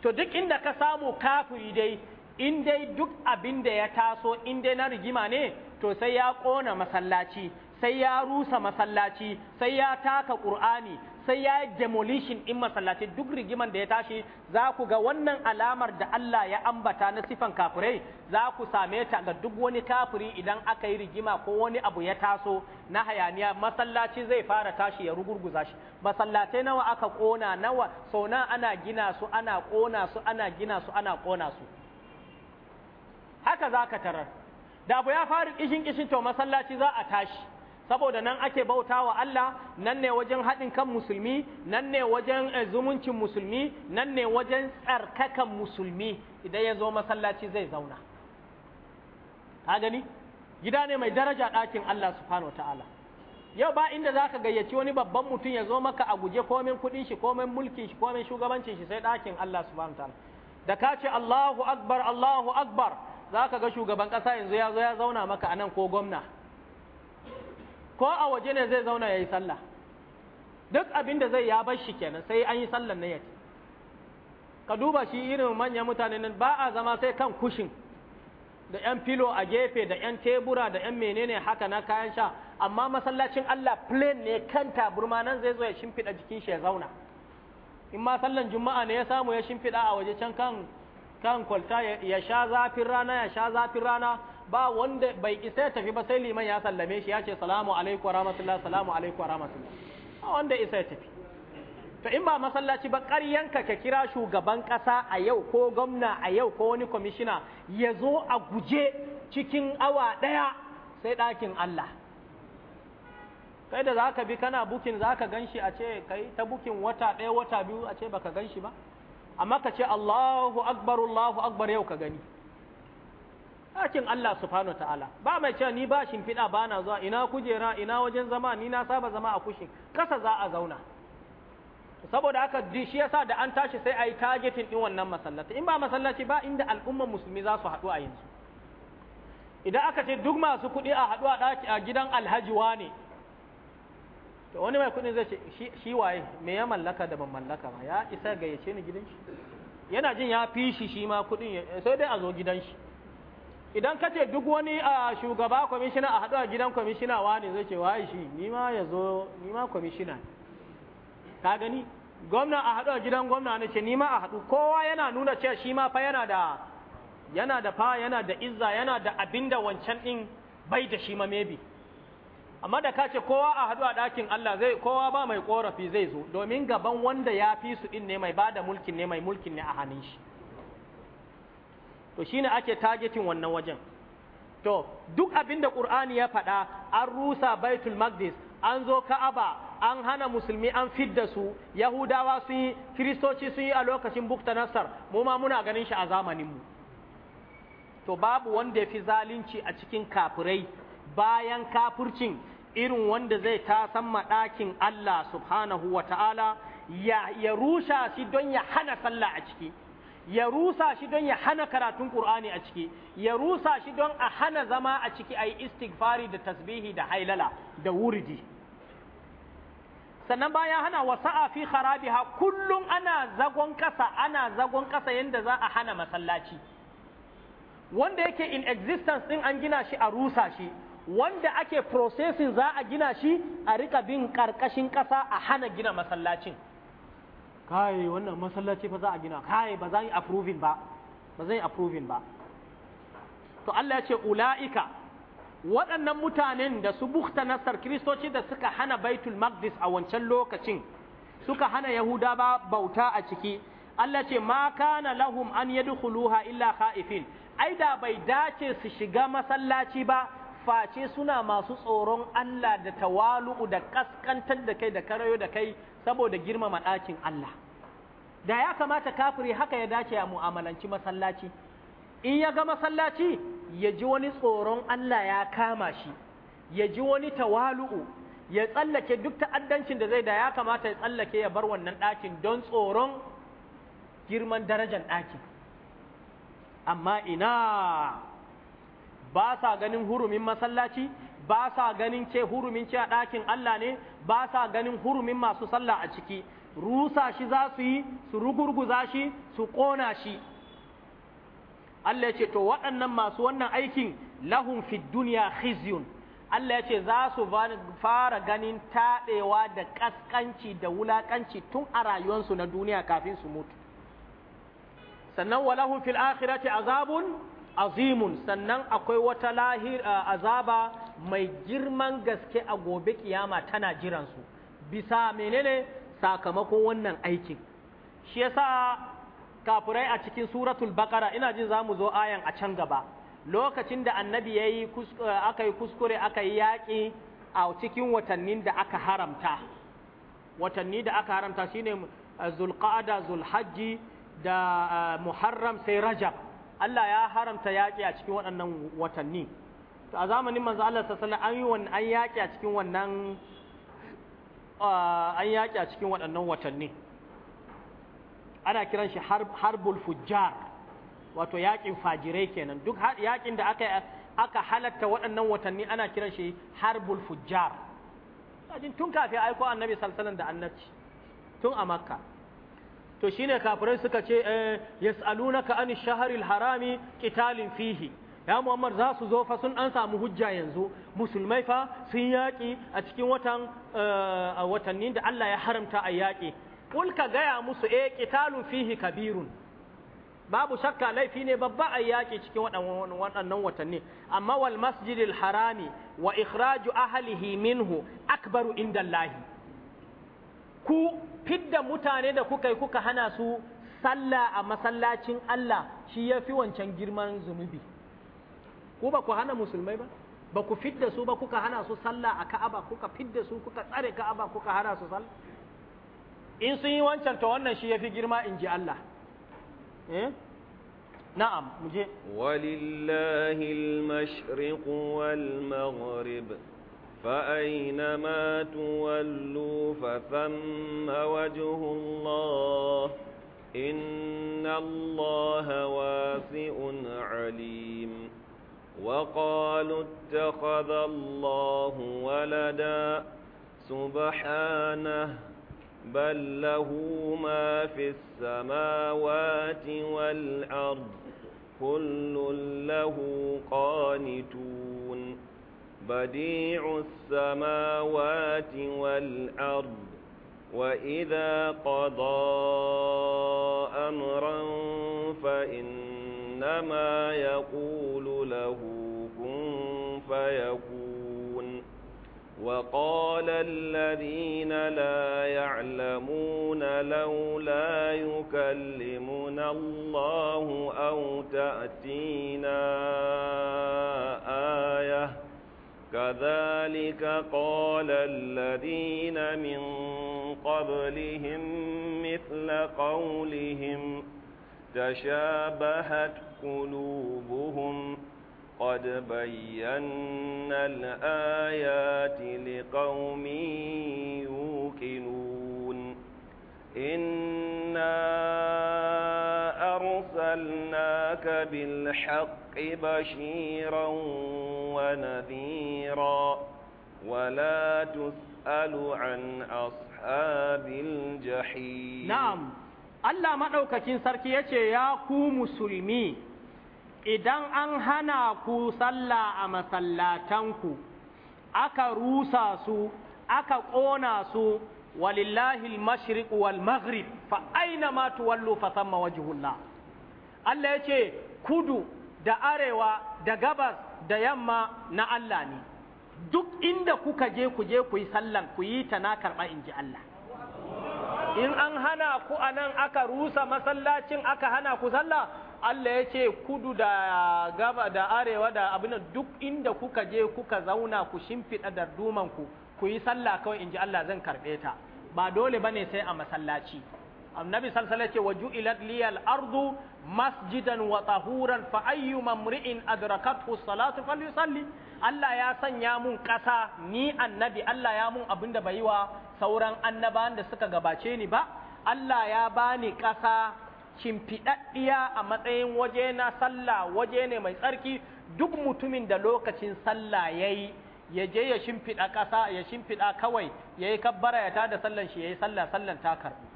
to duk inda ka samu kafiri dai in dai duk abin da ya taso in dai na rigima ne to sai ya ƙona masallaci sai ya rusa masallaci sai ya taka ƙur'ani sai ya yi demolition in masallaci duk rigiman da ya tashi za ku ga wannan alamar da Allah ya ambata na sifan kafirai za ku same ta ga duk wani kafiri idan aka yi rigima ko wani abu ya taso na hayaniya masallaci zai fara tashi ya rugurguza shi masallatai nawa aka kona nawa sau na ana gina su ana kona su ana gina su ana kona su haka za ka tarar da abu ya fara kishin kishin to masallaci za a tashi saboda nan ake bauta wa Allah nan ne wajen haɗin kan musulmi nan ne wajen eh, zumuncin musulmi nan ne wajen tsarkakan musulmi idan ya zo masallaci zai zauna ka gani gida ne mai daraja ɗakin Allah subhanahu ta'ala yau ba inda ka gayyaci wani babban mutum ya zo maka a guje komin kuɗin shi komin mulkin shi komin shugabancin shi sai ɗakin Allah subhanahu ta'ala da ka ce Allahu akbar Allahu akbar ka ga shugaban ƙasa yanzu ya zo ya zauna maka a nan ko gwamna ko a waje ne zai zauna ya yi sallah duk abin da zai ya bar shi kenan sai an yi sallah na yati ka duba shi irin manyan mutane nan ba a zama sai kan kushin da yan filo a gefe da yan tebura da yan menene haka na kayan sha amma masallacin Allah plain ne kan taburma nan zai zo ya shimfida jikin shi ya zauna in ma sallan juma'a ne ya samu ya shimfiɗa a waje can kan kan kwalta ya sha zafin rana ya sha zafin rana ba wanda bai isa ya tafi ba sai liman ya sallame shi ya ce salamu alaikum wa rahmatullah salamu alaikum wa rahmatullah ba wanda isa ya tafi to in ba masallaci ba ƙaryanka ka kira shugaban ƙasa a yau ko gwamna a yau ko wani kwamishina ya zo a guje cikin awa ɗaya sai ɗakin Allah kai da za bi kana bukin za ka gan a ce kai ta bukin wata ɗaya wata biyu a ce ba ka gan ba amma ka ce Allahu akbar Allahu akbar yau ka gani ɗakin Allah subhanahu ta'ala ba mai cewa ni ba shimfiɗa ba na zuwa ina kujera ina wajen zama ni na saba zama a kushin kasa za a zauna saboda haka shi yasa da an tashi sai a yi targetin ɗin wannan masallaci in ba masallaci ba inda al'ummar musulmi za su haɗu a yanzu idan aka ce duk masu kuɗi a haɗu a gidan alhaji ne to wani mai kuɗin zai ce shi waye me ya mallaka da ban mallaka ba ya isa gayyace ni gidan shi yana jin ya fi shi shi ma kuɗin sai dai a zo gidan shi idan ka ce duk wani a shugaba kwamishina a haɗu a gidan kwamishina wani zai ce wa shi ni ma ya zo ni ma kwamishina ka gani gwamna a haɗu a gidan gwamna na ce ni ma a haɗu kowa yana nuna cewa shi ma fa yana da yana da fa yana da izza yana da abin da wancan ɗin bai da shi ma maybe amma da ka ce kowa a haɗu a ɗakin Allah zai kowa ba mai ƙorafi zai zo domin gaban wanda ya fi su ɗin ne mai ba da mulkin ne mai mulkin ne a hannun shi to shine ake targeting wannan wajen to duk abinda qur'ani ya faɗa an rusa baitul maqdis an zo ka'aba an hana musulmi an fidda su yahudawa sun yi kiristoci sun yi a lokacin bukta nasar mu ma muna ganin shi a zamanin mu to babu wanda ya fi zalunci a cikin kafirai bayan kafircin irin wanda zai tasan maɗakin Allah subhanahu wa ta'ala ya rusha shi don ya hana sallah a ciki ya rusa shi don ya hana karatun Qur'ani a ciki ya rusa shi don a hana zama a ciki a yi istighfari da tasbihi da hailala da wuridi sannan bayan hana wasa'a fi kharabiha kullum ana zagon ƙasa ana zagon kasa yadda za a hana masallaci wanda yake in existence din an gina shi a rusa shi wanda ake processing za a gina shi a rika bin ƙarƙashin ƙasa a hana gina masallacin kai wannan masallaci fa za a gina kai ba zan yi approving ba ba zan yi approving ba to Allah ya ce ula'ika waɗannan mutanen da su bukta nasar kiristoci da suka hana baitul maqdis a wancan lokacin suka hana yahuda ba bauta a ciki Allah ce ma kana lahum an yadkhuluha illa khaifin ai da bai dace su shiga masallaci ba face suna masu tsoron Allah da tawalu'u da kaskantar da kai da karayo da kai saboda girmama ɗakin Allah da ya kamata kafiri haka ya dace a mu'amalanci masallaci in ya ga masallaci ya ji wani tsoron Allah ya kama shi ya ji wani tawalu'u ya tsallake duk ta'addancin da zai da ya kamata ya tsallake ya bar wannan ɗakin don tsoron girman darajar ɗakin amma ina ba sa ganin hurumin masallaci ba sa ganin ce hurumin ce a ɗakin Allah ne ba sa ganin hurumin masu sallah a ciki rusa shi za su yi su rugurguza shi su ƙona shi Allah ya ce to waɗannan masu wannan aikin lahum fi duniya khizyun Allah ya ce za su fara ganin taɗewa da ƙasƙanci da wulaƙanci tun a rayuwarsu na duniya kafin su mutu sannan walahum fil akhirati azabun azimun sannan akwai wata lahir azaba mai girman gaske a gobe kiyama tana jiran su. bisa menene sakamakon wannan aikin shi yasa kafurai a cikin suratul baqara ina jin zamu zo ayan a can gaba lokacin da annabi yayi aka yi kuskure aka yi yaƙi a cikin watannin da aka haramta watanni da aka haramta shine zulqa'ada zulhajji da muharram sai rajab Allah ya haramta yaƙi a cikin waɗannan watanni to a zamanin manzo Allah sallallahu alaihi an an yaƙi a cikin wannan ah, an yaƙi a cikin waɗannan watanni ana kiran shi harbul fujjar wato yaƙin fajirai kenan duk yaƙin da aka aka halatta waɗannan watanni ana kiran shi harbul fujjar tun kafin aiko annabi sallallahu da annabci tun a makka to shine kafirai suka ce eh yas'alunaka an shahril harami qitalin fihi ya Muhammad za su zo fa sun an samu hujja yanzu musulmai fa sun yaƙi a cikin watan eh, watanni da Allah ya haramta a yaƙi kul ka gaya musu eh qitalun fihi kabirun babu shakka laifi ne babba a yaƙi cikin waɗannan watanni amma wal masjidil harami wa ikhraju ahlihi minhu akbaru indallahi ku fidda mutane da kuka yi kuka hana su sallah a masallacin Allah shi ya fi wancan girman zunubi ku ba ku hana musulmai ba ba ku fidda su ba kuka hana su sallah a ka'aba kuka fidda su kuka tsare ka'aba kuka hana su sallah in sun yi wancan to wannan shi ya fi girma in ji Allah eh نعم مجيء ولله المشرق والمغرب فأينما تولوا فثم وجه الله إن الله واسع عليم وقالوا اتخذ الله ولدا سبحانه بل له ما في السماوات والأرض كل له قانتون بديع السماوات والأرض وإذا قضى أمرا فإنما يقول له كن فيكون وقال الذين لا يعلمون لولا يكلمنا الله أو تأتينا كذلك قال الذين من قبلهم مثل قولهم تشابهت قلوبهم قد بينا الآيات لقوم يوقنون إِنَّا أرسلناك بالحق بشيرا ونذيرا ولا تسأل عن أصحاب الجحيم نعم Allah maɗaukakin sarki ya ce, Ya ku musulmi, idan an hana ku sallah a masallatanku, aka rusa su, aka ƙona su, walillahi al-mashriq wal-maghrib, fa aina ma tuwallu fa samma wajhullah. Allah ya ce kudu da arewa da gabas da yamma na Allah ne duk inda kuka je ku je ku yi sallan ku yi ta na karɓa in ji Allah in an hana ku a nan aka rusa masallacin aka hana ku sallah Allah ya ce kudu da gaba da arewa da abin duk inda kuka je kuka zauna ku shimfiɗa dardumanku ku yi sallah kawai in ji Allah zan karɓe ta ba dole ba ne sai a masallaci annabi sallallahu ce wa ju'ilat liyal ardu masjidan wa tahuran fa ayyuma mri'in adrakathu salatu falyusalli Allah ya sanya mun kasa ni annabi Allah ya mun abinda bai wa sauran annabawan da suka gabace ni ba Allah ya bani kasa shimfiɗaɗɗiya a matsayin waje na sallah waje ne mai tsarki duk mutumin da lokacin sallah yayi ya je ya shimfiɗa ƙasa ya shimfiɗa kawai ya yi kabbara ya tada sallan shi ya yi sallah sallan ta karba.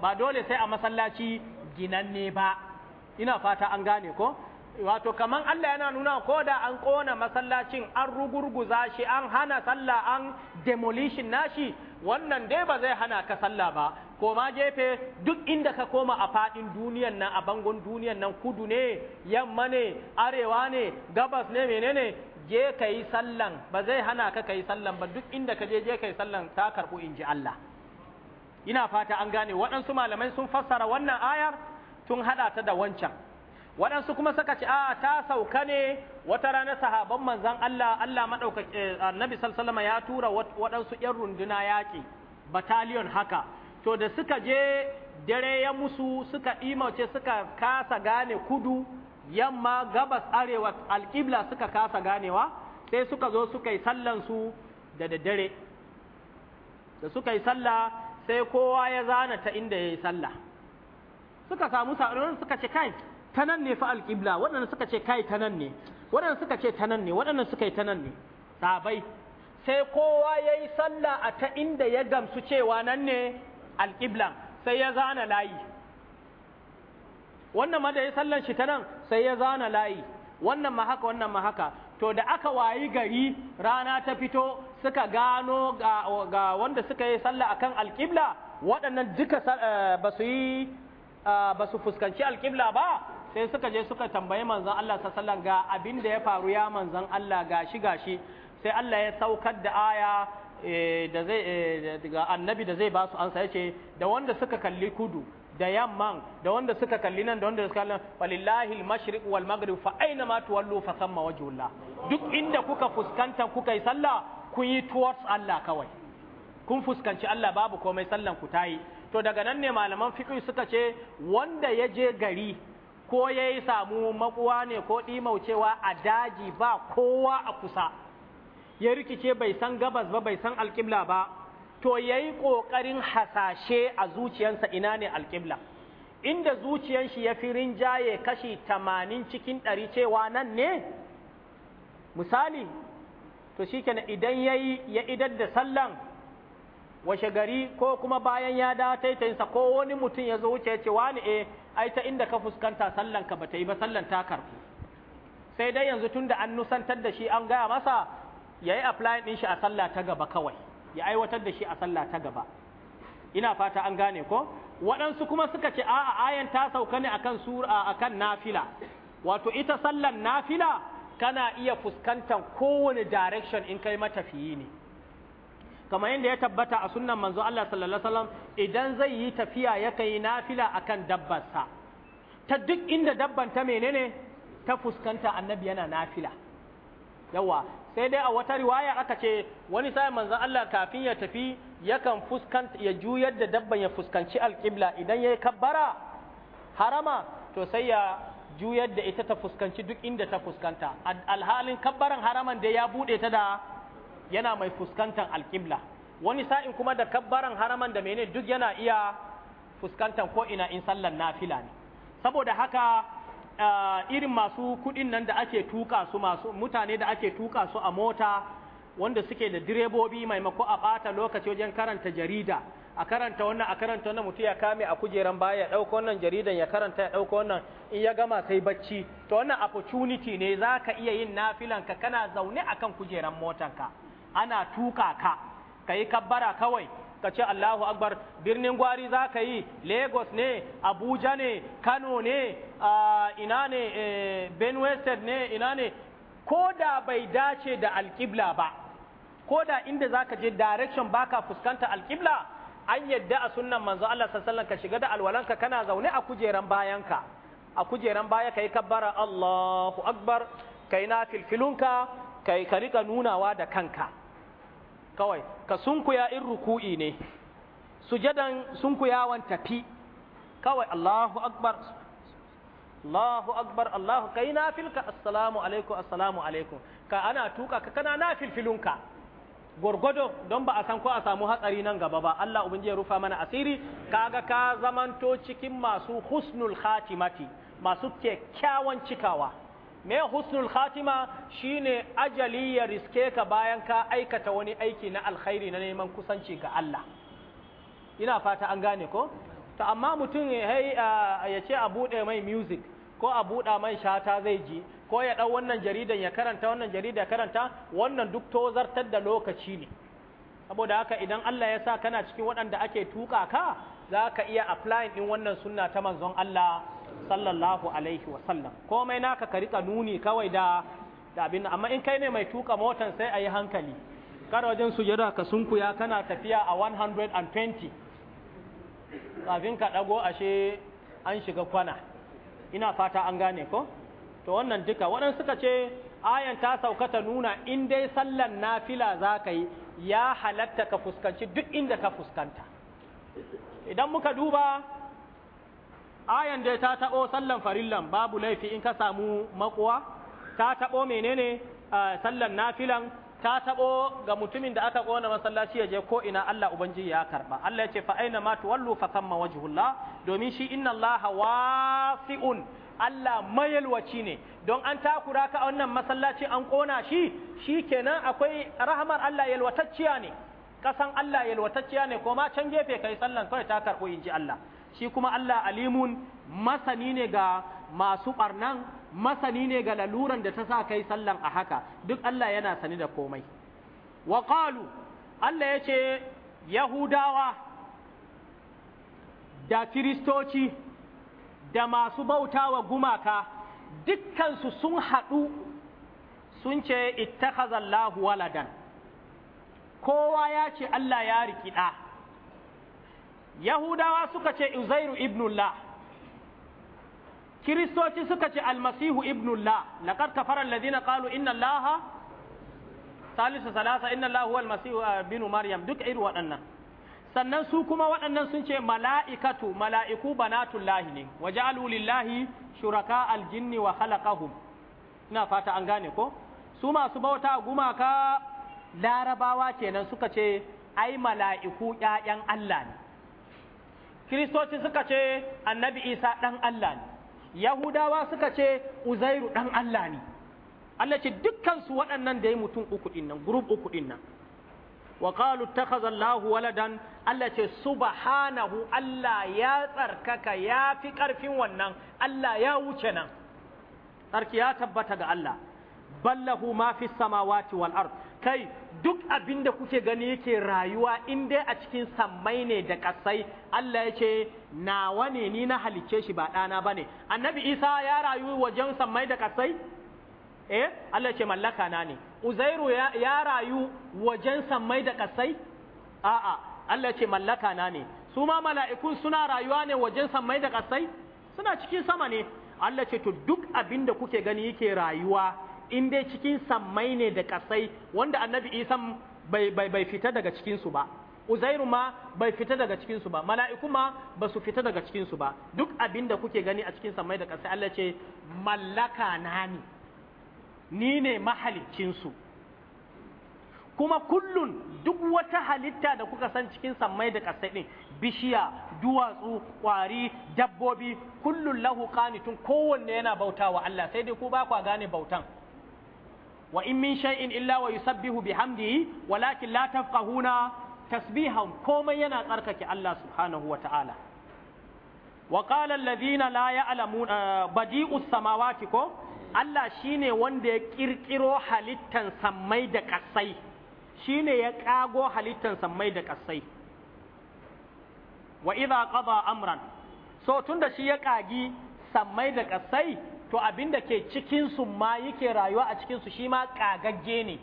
ba dole sai a masallaci ginanne ba ina fata an gane ko wato kaman Allah yana nuna ko da an kona masallacin an rugurguza shi an hana sallah an demolition nashi wannan dai ba zai hana ka sallah ba koma jefe duk inda ka koma a fadin duniyan nan a bangon duniyan nan kudu ne yamma ne arewa ne gabas ne menene je ka yi sallan ba zai hana ka ka yi sallan ba duk inda ka je je ka yi sallan ta karɓu in ji Allah ina fata an gane waɗansu malamai sun fassara wannan ayar tun haɗa ta da wancan waɗansu kuma suka ce a ta sauka ne wata ranar sahaban manzan Allah Allah madaukake eh, annabi sallallahu ya tura waɗansu ƴan runduna yaƙi battalion haka to da suka je dare ya musu suka imauce suka kasa gane kudu yamma gabas arewa alƙibla suka kasa ganewa sai suka zo suka yi sallansu da daddare da suka yi sallah sai kowa ya zana ta inda ya yi sallah suka samu sa'arar suka ce kai ta nan ne fa alƙibla waɗanda suka ce kai ta nan ne waɗanda suka ce ta nan ne waɗanda suka yi ta nan ne sabai sai kowa ya yi sallah a ta inda ya gamsu cewa nan ne alƙiblan sai ya zana layi wannan ma da ya sallan shi ta nan sai ya zana layi wannan ma haka wannan ma haka to da aka wayi gari rana ta fito suka gano ga wanda suka yi sallah akan alƙibla waɗannan duka eh, ba yi eh, fuskanci alƙibla ba sai suka je suka tambayi manzon Allah sallallahu ga abin da ya faru ya manzon Allah gashi gashi sai Allah ya saukar da aya eh, da zai ga annabi da zai ba su ansa yace da wanda suka kalli kudu da yamman da wanda suka kalli nan da wanda suka kalli walillahi al-mashriq wal maghrib fa aina ma tuwallu fa samma wajhullah duk inda kuka fuskanta kuka yi sallah kun yi towards Allah kawai kun fuskanci Allah babu komai sallan ku tayi to daga nan ne malaman fiqh suka ce wanda ya je gari ko yayi samu makuwa ne ko dimaucewa a daji ba kowa a kusa ya rikice bai san gabas ba bai san alƙibla ba to yayi ƙoƙarin hasashe a zuciyarsa ina ne alƙibla inda zuciyar shi ya fi rinjaye kashi tamanin cikin ɗari cewa nan ne misali to shi idan ya yi ya idar da sallan washe gari ko kuma bayan ya da taitayinsa ko wani mutum ya zo wuce ya ce wani e eh, ai ta inda ka fuskanta sallan ka bata yi ba sallan ta karku sai dai yanzu tunda an nusantar da shi an gaya masa ya yi apply ɗin shi a sallah ta gaba kawai ya aiwatar da shi a sallah ta gaba ina fata an gane ko waɗansu kuma suka ce a'a ayan ta sauka ne akan sura akan nafila wato ita sallan nafila kana iya fuskantar kowane direction in kai matafiyi ne kamar yadda ya tabbata a sunnan manzo Allah sallallahu alaihi wasallam idan zai yi tafiya ya kai nafila akan dabbarsa ta duk inda dabban ta menene ta fuskanta annabi yana nafila yawa sai dai a wata riwaya aka ce wani sai manzon Allah kafin ya tafi yakan fuskanta ya juyar da dabban ya fuskanci alqibla idan yayi kabbara harama to sai ya juyar da ita ta fuskanci duk inda ta fuskanta alhalin kabbaran haraman da ya bude ta da yana mai fuskantan alqibla wani sa'in kuma da kabbaran haraman da menene duk yana iya fuskantan ko ina in sallan nafila ne saboda haka irin masu kuɗin nan da ake tuka su masu mutane da ake tuka su a mota wanda suke da direbobi maimako a ɓata lokaci wajen karanta jarida a karanta wannan a karanta wannan mutum ya kame a kujeran baya ya ɗauko wannan jaridan ya karanta ya ɗauko wannan in ya gama sai bacci to wannan opportunity ne za ka iya yin nafilan ka kana zaune akan kujeran motanka ana tuka ka ka yi kabbara kawai ka ce Allahu Akbar birnin gwari za ka yi Lagos ne Abuja ne Kano ne ina ne e, Benue State ne ina ne ko da bai dace da alƙibla ba ko da inda za ka je direction baka fuskanta alƙibla an yadda a sunnan manzo Allah sallallahu ka shiga da alwalanka kana zaune a kujeran bayanka a kujeran baya kai kabbara Allahu Akbar kai na filfilunka kai ka rika nunawa da kanka kawai ka sunkuya in ruku'i ne sujadan sunkuyawan tafi kawai Allahu akbar Allahu akbar Allahu kai nafilka assalamu alaikum assalamu alaikum ka ana tuka ka kana nafilfilunka gwargwado don ba a san ko a samu hatsari nan gaba ba Allah ubangiji ya rufa mana asiri kaga ka zamanto cikin masu husnul khatimati masu kyakkyawan cikawa me husnul khatima shine ajali ya riske ka bayan ka aikata wani aiki na alkhairi na neman kusanci ga Allah ina fata an gane ko to amma mutum ya ce a bude mai music ko a buda mai shata zai ji ko ya dau wannan jaridan ya karanta wannan jarida ya karanta wannan duk tozartar da lokaci ne saboda haka idan Allah ya sa kana cikin waɗanda ake tuka ka za ka iya applying ɗin wannan sunna ta manzon Allah sallallahu alaihi wasallam komai naka ka rika nuni kawai da da abin amma in kai ne mai tuka motan sai a yi hankali kada wajen sujada ka sunkuya kana tafiya a 120 kafin ka dago ashe an shiga kwana ina fata an gane ko to wannan duka waɗansu suka ce ayan ta sauka ta nuna in dai sallan nafila za ka yi ya halatta ka fuskanci duk inda ka fuskanta idan muka duba ayan da ta taɓo sallan farillan babu laifi in ka samu makuwa ta taɓo menene sallan nafilan ta taɓo ga mutumin da aka ƙona masallaci ya je ko ina Allah ubangiji ya karba Allah ya ce fa aina ma tuwallu fa thamma wajhullah domin shi inna Allah wasi'un Allah mayalwaci ne don an takura ka wannan masallaci an ƙona shi shi kenan akwai rahmar Allah yalwatacciya ne kasan Allah yalwatacciya ne ko ma can gefe kai sallan kawai ta karɓo in ji Allah shi kuma Allah alimun masani ne ga masu ɓarnan, masani ne ga laluran da ta sa kai sallan a haka duk Allah yana sani da komai wa qalu Allah ya ce yahudawa da kiristoci da masu bautawa gumaka dukkansu sun haɗu sun ce ittakhazallahu waladan kowa ya ce Allah ya rikiɗa. yahudawa suka ce uzairu ibnullah kiristoci suka ce almasihu ibnullah laqad kafara alladhina qalu inna allaha salisu salasa inna allaha almasihu uh, ibnu maryam duk irin waɗannan sannan su kuma waɗannan sun ce mala'ikatu mala'iku banatullahi ne waje alulillahi shuraka aljinni wa halakahum ina fata an gane ko su masu bauta gumaka larabawa kenan suka ce ai mala'iku ‘ya'yan Allah ne kiristoci suka ce annabi isa ɗan Allah ne yahudawa suka ce uzairu ɗan Allah ne Allah ce dukkansu waɗannan da ya mutum uku ɗin nan group uku ɗin nan wa qalu ittakhadha Allahu waladan Allah ce subhanahu Allah ya tsarkaka ya fi ƙarfin wannan Allah ya wuce nan tsarki ya tabbata ga Allah ballahu ma fi samawati wal ard kai duk abin da kuke gani yake rayuwa in dai a cikin sammai ne da kasai Allah ya ce nawa ne ni na halicce shi ba ɗana ba ne annabi isa ya rayu wajen sammai da kasai eh Allah ya ce mallaka na ne uzairu ya, rayu wajen sammai da kasai a'a Allah ya ce mallaka na ne su ma mala'ikun suna rayuwa ne wajen sammai da kasai suna cikin sama ne Allah ce to duk abin da kuke gani yake rayuwa in dai cikin samai ne da kasai wanda annabi isa bai bai fita daga cikin ba uzairu ma bai fita daga cikinsu ba mala'iku ma ba su fita daga cikinsu su ba duk abin da kuke gani a cikin samai da kasai Allah ce mallaka na ni ni ne mahalicin kuma kullun duk wata halitta da kuka san cikin samai da kasai din bishiya duwatsu kwari dabbobi kullun lahu qanitun kowanne yana bautawa Allah sai dai ku ba kwa gane bautan wa in min shay'in illa wa yusabbihu bihamdihi walakin la komai yana tsarkake Allah subhanahu wa ta'ala wa ko Allah shine wanda ya kirkiro halittan sammai da kasai shine ya kago halittan sammai da kasai wa idha qada amran so tunda shi ya kagi sammai da kasai to abin da ke cikinsu ma yake rayuwa a cikinsu shi ma ƙagagge ne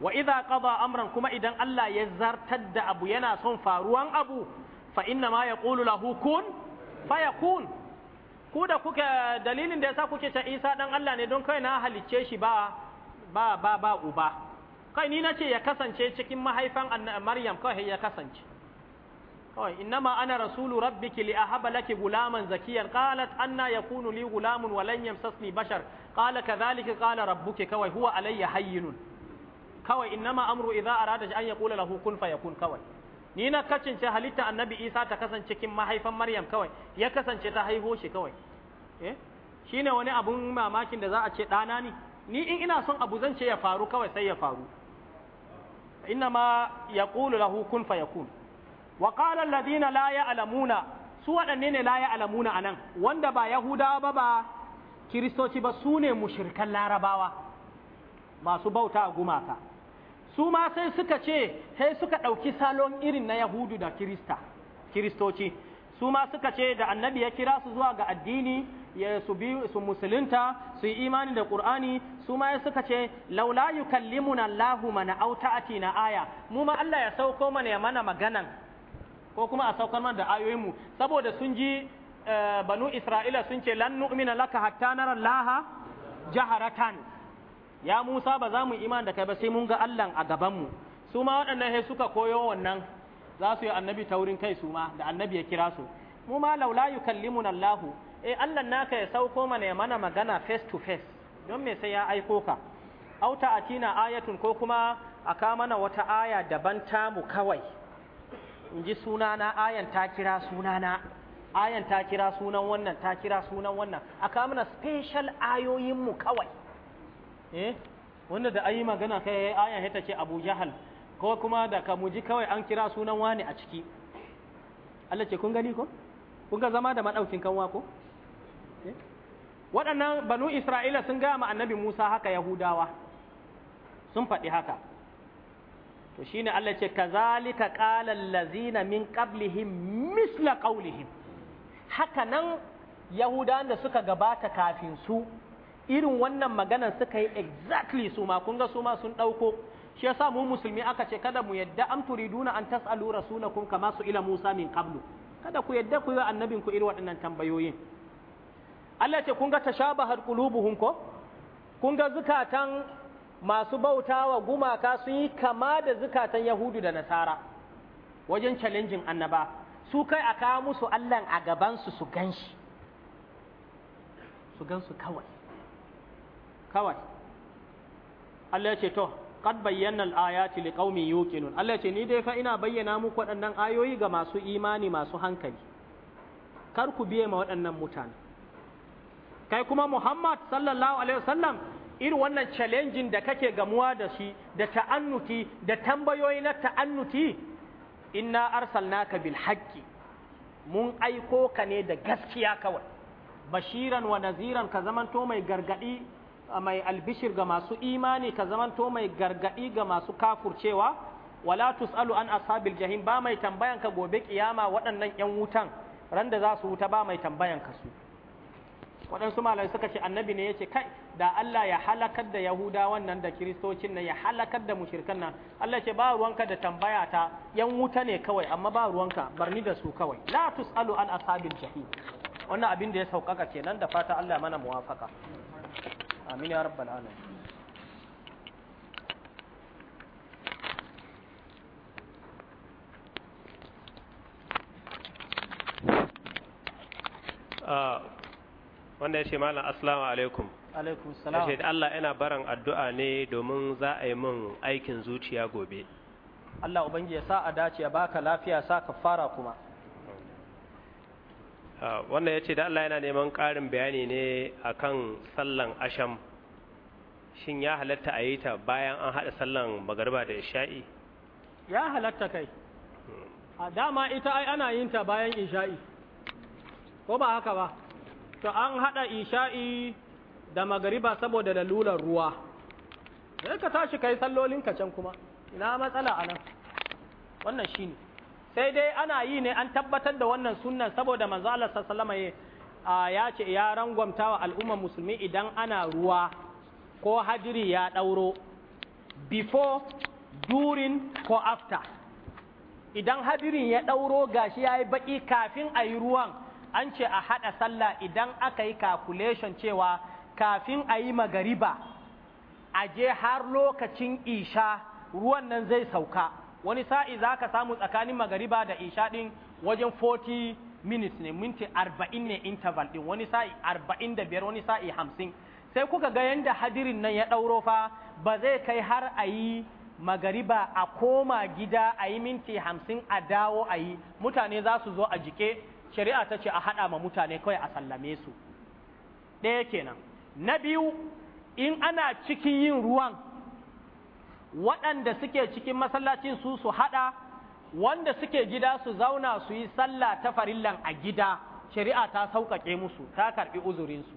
wa idza qada amran kuma idan Allah ya zartar da abu yana son faruwan abu fa inna ma yaqulu lahu kun fayakun ku da kuka dalilin da yasa kuke ta Isa dan Allah ne don kai na halicce shi ba ba ba ba uba kai ni nace ya kasance cikin mahaifan Maryam kai ya kasance kawai innama ana rasulu rabbiki li ahaba laki gulaman zakiyan qalat anna yakunu li gulamun wa lan yamsasni bashar qala kadhalika qala rabbuki kawai huwa alayya hayyinun kawai innama amru idza arada an yaqula lahu kun fayakun kawai ni na kacince halitta annabi isa ta kasance kin mahaifan maryam kawai ya kasance ta haiho shi kawai eh shine wani abun mamakin da za a ce dana ni? ni in ina son abu zan ce ya faru kawai sai ya faru innama yaqulu lahu kun fayakun wa qala alladhina la ya'lamuna su waɗanne ne la a nan wanda ba yahudawa ba ba kiristoci ba su ne mushrikan larabawa masu bauta a gumaka su ma sai suka ce sai suka ɗauki salon irin na yahudu da kirista kiristoci su ma suka ce da annabi ya kira su zuwa ga addini ya su bi su musulunta su yi imani da qur'ani su ma suka ce laula yukallimuna Allahu mana autati na aya mu ma Allah ya sauko mana ya mana maganan ko kuma a saukar mana da ayoyinmu saboda sun ji eh, banu isra'ila sun ce lan nu'mina laka hatta nara laha jaharatan ya musa ba za mu iman da kai ba sai mun ga allah a gabanmu su ma waɗannan sai suka koyo wannan za su yi annabi taurin kai su ma da annabi ya kira su mu ma laula na, nallahu eh allah naka ya sauko mana ya mana magana face to face don me sai ya aiko ka auta atina ayatun ko kuma a mana wata aya daban tamu kawai in ji sunana ayan ta kira sunana ayan ta kira sunan wannan ta kira sunan wannan a kamuna special ayoyinmu kawai eh wanda da ayi magana kai ayan hita ce abu jahal ko kuma da ka muji kawai an kira sunan wani a ciki Allah ce kun gani ko kun ga zama da madaukin kanwa ko eh. waɗannan banu isra'ila sun gaya ma annabi musa haka yahudawa sun faɗi haka to shine Allah ce kazalika qala allazina min qablihim misla qawlihim haka nan yahudan da suka gabata kafin su irin wannan maganar suka yi exactly su ma kun ga su ma sun ɗauko shi yasa mu musulmi aka ce kada mu yadda am turiduna an tasalu rasulakum kama su ila Musa min qablu kada ku yadda ku yi annabin ku irin waɗannan tambayoyin Allah ce kun ga tashabahat qulubuhum ko kun ga zukatan masu bautawa gumaka sun yi kama da zukatan yahudu da nasara wajen challenging annaba su kai a kawo musu allan a gabansu su gan shi su gan kawai kawai Allah ya ce to qad bayyana al-ayati liqaumin yuqinun Allah ya ce ni dai fa ina bayyana muku waɗannan ayoyi ga masu imani masu hankali kar ku biye ma waɗannan mutane kai kuma Muhammad sallallahu alaihi wasallam irin wannan challenging da kake gamuwa da shi da ta'annuti da tambayoyi na ta'annuti inna arsalnaka bil haqqi mun aiko ka ne da gaskiya kawai bashiran wa naziran ka zamanto mai gargadi mai albishir ga masu imani ka zamanto mai gargadi ga masu kafurcewa wala tusalu an ashabil jahim ba mai tambayan ka gobe kiyama waɗannan yan wutan randa za su wuta ba mai tambayan ka su waɗansu malai suka ce annabi ne ya ce kai da Allah ya halakar da yahuda wannan da kiristocin nan ya halakar da mushirkan nan Allah ce ba ruwanka da tambaya ta yan wuta ne kawai amma ba ruwanka ni da su kawai la tusalu an ashabil jahim wannan abin da ya saukaka kenan da fata Allah mana muwafaka amin ya rabbal alamin uh wanda ya ce malam assalamu alaikum alaikum salam ya ce Allah yana baran addu'a ne domin za a yi min aikin zuciya gobe Allah ubangi ya sa a dace ya baka lafiya sa ka fara kuma ah, wannan ya ce da Allah yana neman ƙarin bayani ne akan sallan asham shin ya halatta a yi ta bayan an haɗa sallan magarba da isha'i ya halatta kai hmm. a dama ita ai ana yin ta bayan isha'i ko ba haka ba to an haɗa isha'i da magariba saboda lalurar ruwa sai ka tashi kai sallolin ka can kuma ina matsala anan wannan shine sai dai ana yi ne an tabbatar da wannan sunan saboda manzo Allah sallallahu alaihi ya ce ya rangwamta wa al'ummar musulmi idan ana ruwa ko hajiri ya ɗauro before during ko after idan hadirin ya ɗauro gashi ya yi baƙi kafin a yi ruwan an ce a haɗa sallah idan aka yi calculation cewa kafin a yi magariba a je har lokacin isha ruwan nan zai sauka wani sa'i za ka samu tsakanin magariba da isha ɗin wajen 40 minutes ne minti 40 ne interval ɗin wani sa'i 45 wani sa'i 50 sai kuka ga yadda hadirin nan ya ɗauro fa ba zai kai har a yi magariba a koma gida a yi minti 50 a dawo a yi mutane za su zo a jike shari'a ta ce a haɗa ma mutane kawai a sallame su ɗaya kenan na biyu in ana cikin yin ruwan waɗanda suke cikin masallacin su su haɗa wanda suke gida su zauna su yi sallah ta farillan a gida shari'a ta sauƙaƙe musu ta karɓi uzurinsu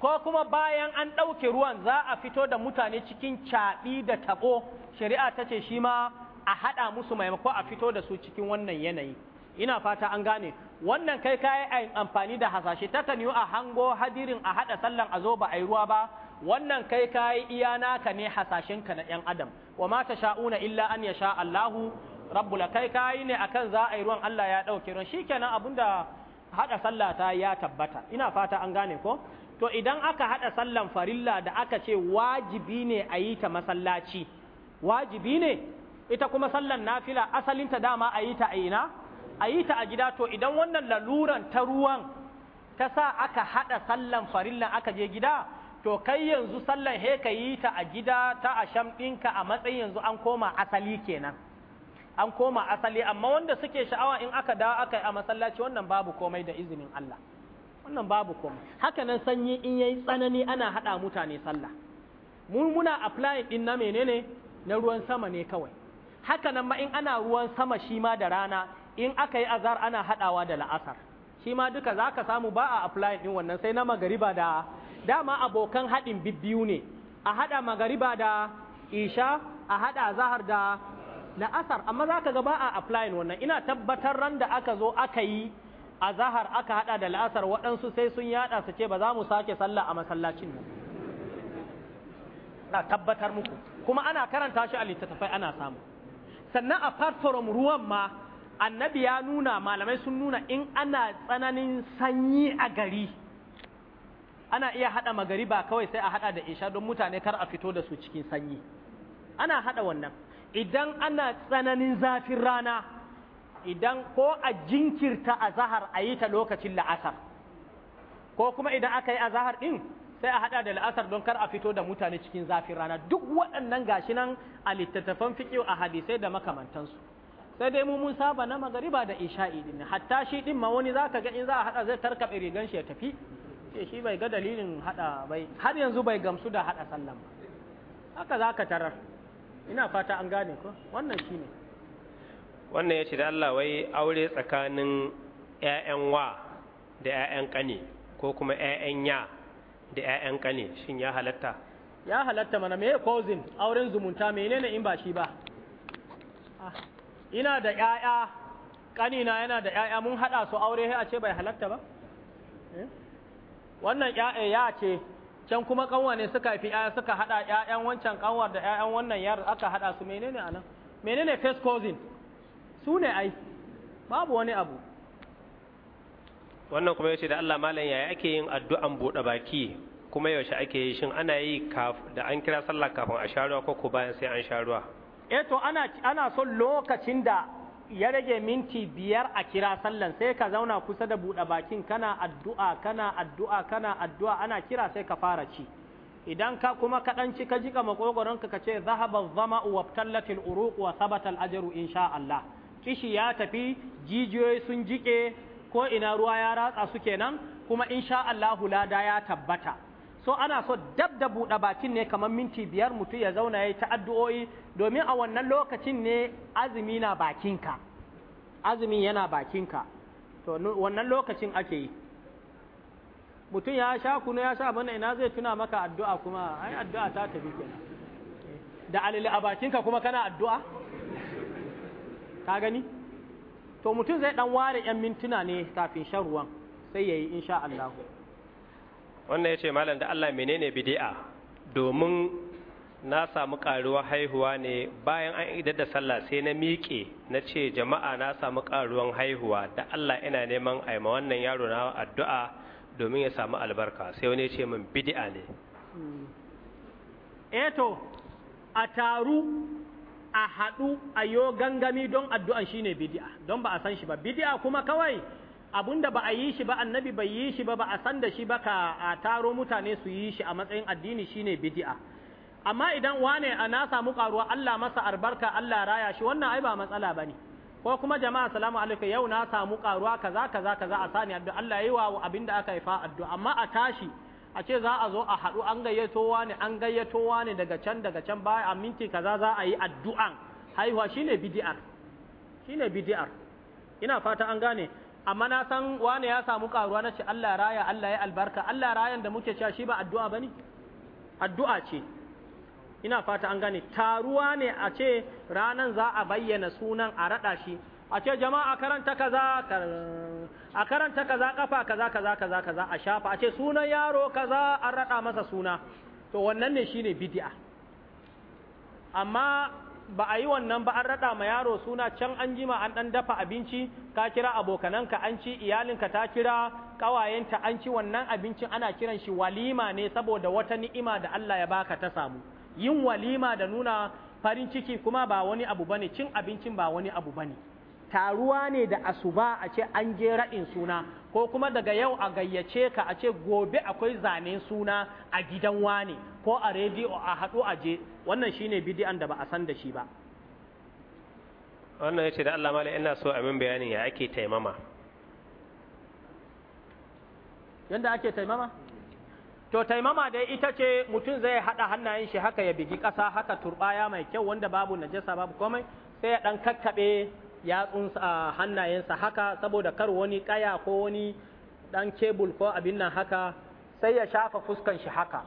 ko kuma bayan an ɗauke ruwan za a fito da mutane cikin caɓi da taɓo shari'a ta ce shi ma a haɗa musu maimako a fito da su cikin wannan yanayi ina fata an gane wannan kai kayi amfani da hasashe takan yi a hango hadirin a haɗa sallan a zo ba a yi ruwa ba wannan kai kaya iya naka ne hasashen ka na ‘yan adam wa ma ta sha'una illa an ya sha Allahu rabbula kai kayi ne akan za a yi ruwan Allah ya ɗauke ruwan shi kenan abin da haɗa sallah ta ya tabbata ina fata an gane ko to idan aka haɗa sallan farilla da aka ce wajibi ne a yi ta masallaci wajibi ne ita kuma sallan nafila asalinta dama a yi ta a ina a yi ta a gida to idan wannan laluran ta ruwan ta sa aka haɗa sallan farillan aka je gida to kai yanzu sallan he ka yi ta a gida ta a sham ɗinka a matsayin yanzu an koma asali kenan an koma asali amma wanda suke sha'awa in aka dawo aka yi a masallaci wannan babu komai da izinin Allah wannan babu komai haka nan sanyi in yayi tsanani ana haɗa mutane sallah mu muna applying din na menene na ruwan sama ne kawai haka nan ma in ana ruwan sama shi ma da rana in aka yi azar ana haɗawa da la'asar shi ma duka za ka samu ba a apply ɗin wannan sai na magariba da dama abokan haɗin bibbiyu ne a haɗa magariba da isha a haɗa zahar da la'asar amma za ka ga ba a din wannan ina tabbatar ran da aka zo aka yi a zahar aka haɗa da la'asar waɗansu sai sun yaɗa su ce ba za mu sake sallah a masallacin mu. na tabbatar muku kuma ana karanta shi a littattafai ana samu sannan a from ruwan ma annabi ya nuna malamai sun nuna in ana tsananin sanyi a gari ana iya haɗa ba kawai sai a haɗa da isha don mutane kar a fito da su cikin sanyi ana haɗa wannan idan ana tsananin zafin rana idan ko a jinkirta a zahar a yi ta lokacin la'asar ko kuma idan aka yi a zahar ɗin sai a haɗa da la'asar don kar a fito da mutane cikin zafin rana duk waɗannan gashinan a littattafan fiƙiyo a hadisai da makamantansu sai dai mu mun saba na magariba da isha'i din hatta shi din ma wani zaka ga in za a hada zai tarkabe rigan shi ya tafi sai shi bai ga dalilin hada bai har yanzu bai gamsu da hada sallan ba haka zaka tarar ina fata an gane ko wannan shine wannan yace da Allah wai aure tsakanin ƴaƴan wa da ƴaƴan kane ko kuma ƴaƴan ya da ƴaƴan kane shin ya halatta ya halatta mana me cousin auren zumunta menene in ba shi ba ah ina da ‘ya'ya ƙanina yana da ‘ya'ya mun haɗa su aure a ce bai halatta ba eh? wannan ‘ya'ya ya ce can kuma ƙanwa ne suka fi ‘ya'ya suka haɗa ƴaƴan wancan ƙanwar da ƴaƴan wannan yar aka haɗa su menene anan menene first cousin su ne ai babu wani abu wannan kuma yace da Allah malam yaya ake yin addu'an buɗe baki kuma yaushe ake yi shin ana yi da an kira sallah kafin a sharuwa ko ko bayan sai an sharuwa Eto, eh, ana ana son lokacin da ya rage minti biyar a kira sallan sai ka zauna kusa da buɗe bakin kana addu'a kana addu'a kana addu'a ana kira sai ka fara ci idan ka kuma ka ka jika makogoronka ka ce zahaba zama wa tallatil uruq wa sabata ajaru, insha Allah kishi ya tafi jijiyoyi sun jike ko ina ruwa ya ratsa su kenan kuma insha Allah hulada ya tabbata so ana so dab da buɗe bakin ne kamar minti biyar mutum ya zauna ya yi ta domin a wannan lokacin ne azumi na bakinka azumi yana bakinka to wannan lokacin ake yi mutum ya sha kuno ya sha bana ina zai tuna maka addu'a kuma ai addu'a ta tafi kenan da alili a bakinka kuma kana addu'a ka gani to mutum zai dan ware yan mintuna ne kafin shan ruwan sai yayi insha Allah wannan ya ce malam da Allah menene bidi'a domin na samu karuwar haihuwa ne bayan an idar da sallah sai na miƙe na ce jama'a na samu karuwar haihuwa da Allah ina neman aima wannan yaro na addu'a domin ya samu albarka sai wani ya ce min bidi'a ne eto eh a taru a haɗu a yo gangami don addu'a shine bidi'a don ba a san shi ba bidi'a kuma kawai abinda ba a yi shi ba annabi bai yi shi ba ba a san da shi ba ka a taro mutane su yi shi a matsayin addini shine bid'a amma idan wane a na samu karuwa Allah masa albarka Allah raya shi wannan ai ba matsala bane ko kuma jama'a salamu alaikum yau na samu karuwa kaza kaza kaza a sani addu'a Allah yi wa abinda aka yi fa addu'a amma a tashi a ce za a zo a haɗu an gayyato wani an gayyato wani daga can daga can baya a minti kaza za a yi addu'an haihuwa shine bid'ar shine bid'ar ina fata an gane amma na san wane ya samu karuwa na ce Allah raya Allah ya albarka Allah rayan da muke cewa shi ba addu'a bane addu'a ce ina fata an gane taruwa ne a ce ranan za a bayyana sunan a rada shi a ce jama'a karanta kaza a karanta kaza kafa kaza kaza kaza kaza a shafa a ce sunan yaro kaza an rada masa suna to wannan ne shine bid'a amma ba a yi wannan ba an raɗa ma yaro suna can an jima an ɗan dafa abinci ka kira abokananka an ci iyalinka ta kira kawayenta an ci wannan abincin ana kiran shi walima ne saboda wata ni'ima da Allah ya baka ta samu yin walima da nuna farin ciki kuma ba wani abu bane cin abincin ba wani abu bane taruwa ne da asuba a ce an je raɗin suna ko kuma daga yau a gayyace ka a ce gobe akwai zane suna a gidan wani ko a rediyo a haɗu a je wannan shine bidi'an da ba a san da shi ba wannan ya ce da Allah mala ina so a min bayanin ya ake taimama yanda ake taimama to taimama dai ita ce mutum zai haɗa hannayen shi haka ya bigi ƙasa haka turɓaya mai kyau wanda babu najasa babu komai sai ya ɗan kakkaɓe yatsunsa a hannayensa haka saboda kar wani kaya ko wani dan kebul ko abin nan haka sai ya shafa fuskan shi haka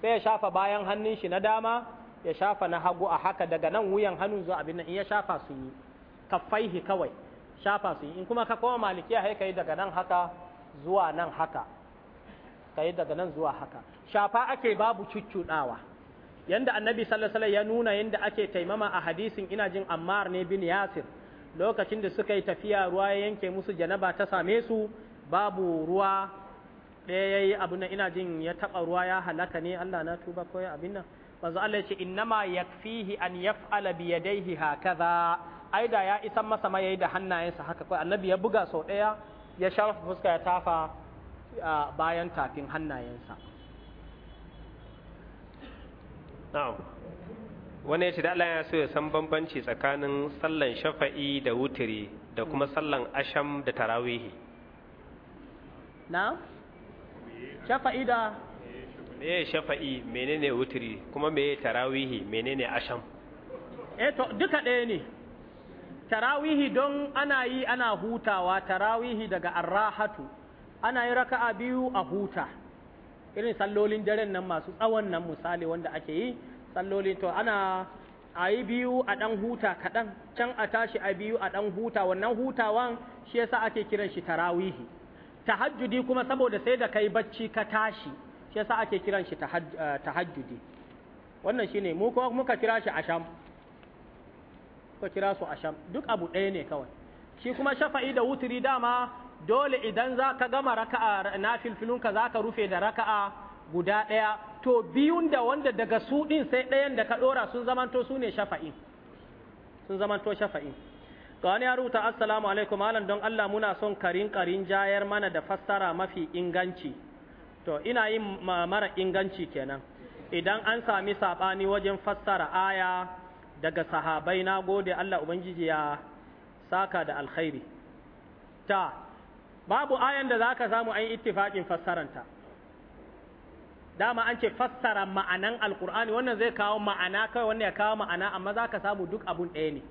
sai ya shafa bayan hannun shi na dama ya shafa na hagu a haka daga nan wuyan hannun zuwa abin nan in ya shafa su yi kafaihi kawai shafa su yi in kuma ka koma malikiya sai kai daga nan haka zuwa nan haka kai daga nan zuwa haka shafa ake babu cuccudawa yanda annabi sallallahu alaihi ya nuna yanda ake taimama a hadisin ina jin ammar ne bin yasir lokacin da suka yi tafiya ruwa ya yanke musu janaba ta same su babu ruwa ɗaya ya yi abu na ina jin ya taɓa ruwa ya halaka ne Allah na tuba ko ya abin nan manzo Allah ya ce innama yakfihi an yaf'ala bi yadayhi hakaza ai da ya isan masa ma yayi da hannayensa haka kai annabi ya buga sau ɗaya ya shafa fuska ya tafa bayan tafin hannayensa na'am wani ya ce da Allah ya so ya san bambanci tsakanin sallan shafa'i da wutiri da kuma hmm. sallan asham da tarawihi na shafa'i da meye shafa'i menene wutiri kuma me tarawihi menene asham eh to duka ɗaya ne tarawihi don ana yi ana hutawa tarawihi daga arrahatu ana yi raka'a biyu a huta irin sallolin daren nan masu tsawon nan misali wanda ake yi sallolin to ana a yi biyu a ɗan huta kaɗan can a tashi a biyu a ɗan huta wannan hutawan shi yasa ake kiran shi tarawihi tahajjudi kuma saboda sai da kai bacci ka tashi shi yasa ake kiran shi eh, tahajjudi wannan shi ne, muka kira shi a sham muka kira su a sham duk abu ɗaya ne kawai shi kuma shafa'i da wuturi dama dole idan za ka gama raka'a na filfilunka za ka rufe da raka'a guda ɗaya to biyun da wanda daga su ɗin sai ɗayan da ka ɗora sun zamanto su ne shafa'in sun zamanto shafa'in ga wani ya rubuta assalamu alaikum malam don Allah muna son karin karin jayar mana da fassara mafi inganci to ina yin mara inganci kenan idan an sami saɓani wajen fassara aya daga sahabai na gode Allah Ubangiji ya saka da alkhairi ta babu ayan da za ka samu an yi ittifaƙin fassaranta dama an ce fassara ma'anan alkur'ani wannan zai kawo ma'ana Kawai wannan ya kawo ma'ana amma za ka samu duk abun ɗaya ne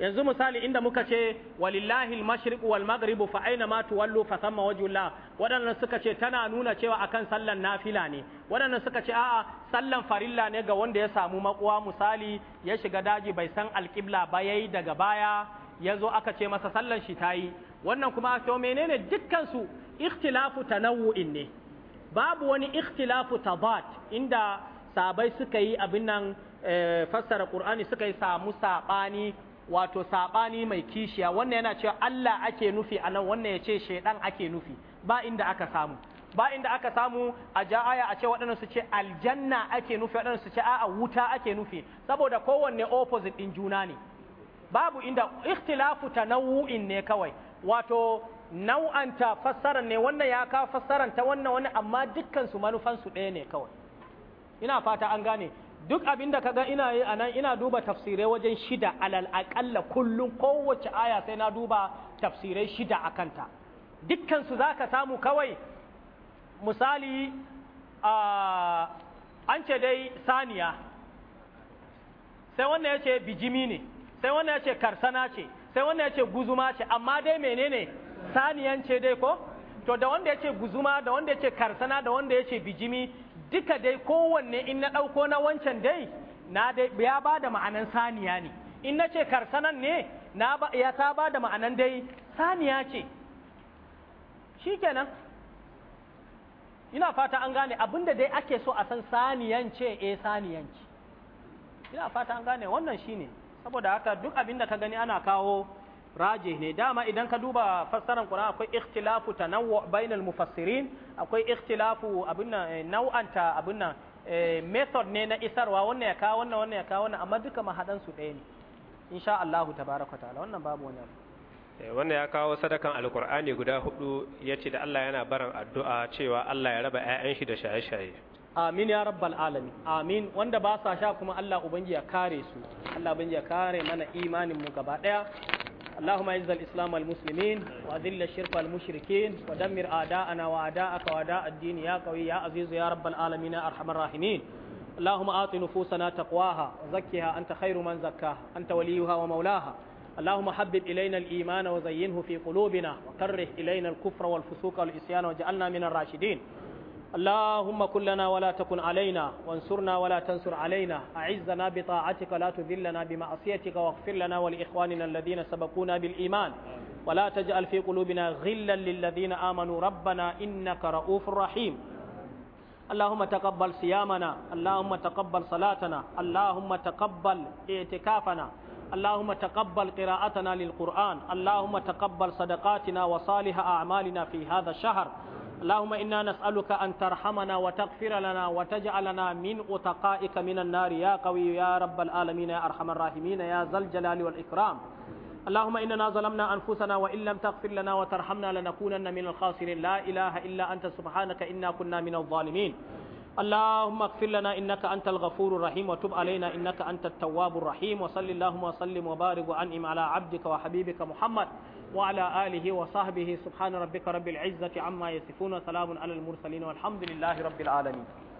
yanzu misali inda muka ce walillahi al-mashriq wal maghrib fa aina ma tuwallu fa thamma wajhullah wadannan suka ce tana nuna cewa akan sallan nafila ne wadannan suka ce a'a sallan farilla ne ga wanda ya samu makuwa misali ya shiga daji bai san alqibla ba yayi daga baya yazo aka ce masa sallan shi tayi wannan kuma to menene dukkan su ikhtilafu tanawu'in ne babu wani ikhtilafu tabat inda sabai suka yi abin nan eh, fassara qur'ani suka yi samu sabani wato sabani mai kishiya wannan yana cewa Allah ake nufi anan wannan yace shedan ake nufi ba inda aka samu ba inda aka samu a ja aya a ce waɗannan su ce aljanna ake nufi waɗannan su ce a'a wuta ake nufi saboda kowanne opposite din juna ne babu inda ikhtilafu tanawu'in ne kawai wato nau'anta fassarar ne wannan ya kawo fassarar ta wannan wani amma dukkansu manufansu ɗaya ne kawai ina fata an gane duk abin da kaga ina yi anan ina duba tafsirai wajen shida alal aƙalla kullum kowace aya sai na duba tafsirai shida a kanta dukkansu za ka samu kawai misali an ce dai saniya sai wannan ya ce bijimi ne sai wannan ya karsana ce sai wannan ya guzuma ce amma dai menene saniyan ce dai ko to da wanda yace guzuma da wanda yace karsana da wanda yace bijimi duka dai kowanne in na ɗauko na wancan dai na dai ya ba da ma'anan saniya ne in na ce karsanan ne na ba ya ta ba da ma'anan dai saniya ce shikenan ina fata an gane abinda dai ake so a san saniyan ce eh saniyan ce ina fata an gane wannan shine saboda haka duk abinda ka gani ana kawo raje ne dama idan ka duba fassarar Qur'an akwai ikhtilafu tanawwu bainal mufassirin akwai ikhtilafu abin nau'anta abin nan method ne na isarwa wannan ya kawo wannan ya kawo wannan amma duka mahadan su ɗaya ne insha Allah tabaraka ta'ala wannan babu wani wannan ya kawo sadakan alkur'ani guda hudu ya ce da Allah yana barin addu'a cewa Allah ya raba 'ya'yan shi da shaye-shaye amin ya rabbal alami amin wanda ba sa sha kuma Allah ubangi ya kare su Allah ubangi ya kare mana imanin mu gaba daya اللهم اعز الاسلام والمسلمين واذل الشرك والمشركين ودمر اعداءنا واعداءك واعداء الدين يا قوي يا عزيز يا رب العالمين يا ارحم الراحمين اللهم اعط نفوسنا تقواها وزكها انت خير من زكاها انت وليها ومولاها اللهم حبب إلينا الإيمان وزينه في قلوبنا وكره إلينا الكفر والفسوق والعصيان واجعلنا من الراشدين اللهم كلنا ولا تكن علينا وانصرنا ولا تنصر علينا أعزنا بطاعتك لا تذلنا بمعصيتك واغفر لنا ولإخواننا الذين سبقونا بالإيمان ولا تجعل في قلوبنا غلا للذين آمنوا ربنا إنك رؤوف رحيم اللهم تقبل صيامنا اللهم تقبل صلاتنا اللهم تقبل اعتكافنا اللهم تقبل قراءتنا للقرآن اللهم تقبل صدقاتنا وصالح أعمالنا في هذا الشهر اللهم إنا نسألك أن ترحمنا وتغفر لنا وتجعلنا من أتقائك من النار يا قوي يا رب العالمين يا أرحم الراحمين يا ذا الجلال والإكرام اللهم إننا ظلمنا أنفسنا وإن لم تغفر لنا وترحمنا لنكونن من الخاسرين لا إله إلا أنت سبحانك إنا كنا من الظالمين اللهم اغفر لنا إنك أنت الغفور الرحيم وتب علينا إنك أنت التواب الرحيم وصل اللهم وسلم وبارك وأنعم على عبدك وحبيبك محمد وعلى آله وصحبه سبحان ربك رب العزة عما يصفون سلام على المرسلين والحمد لله رب العالمين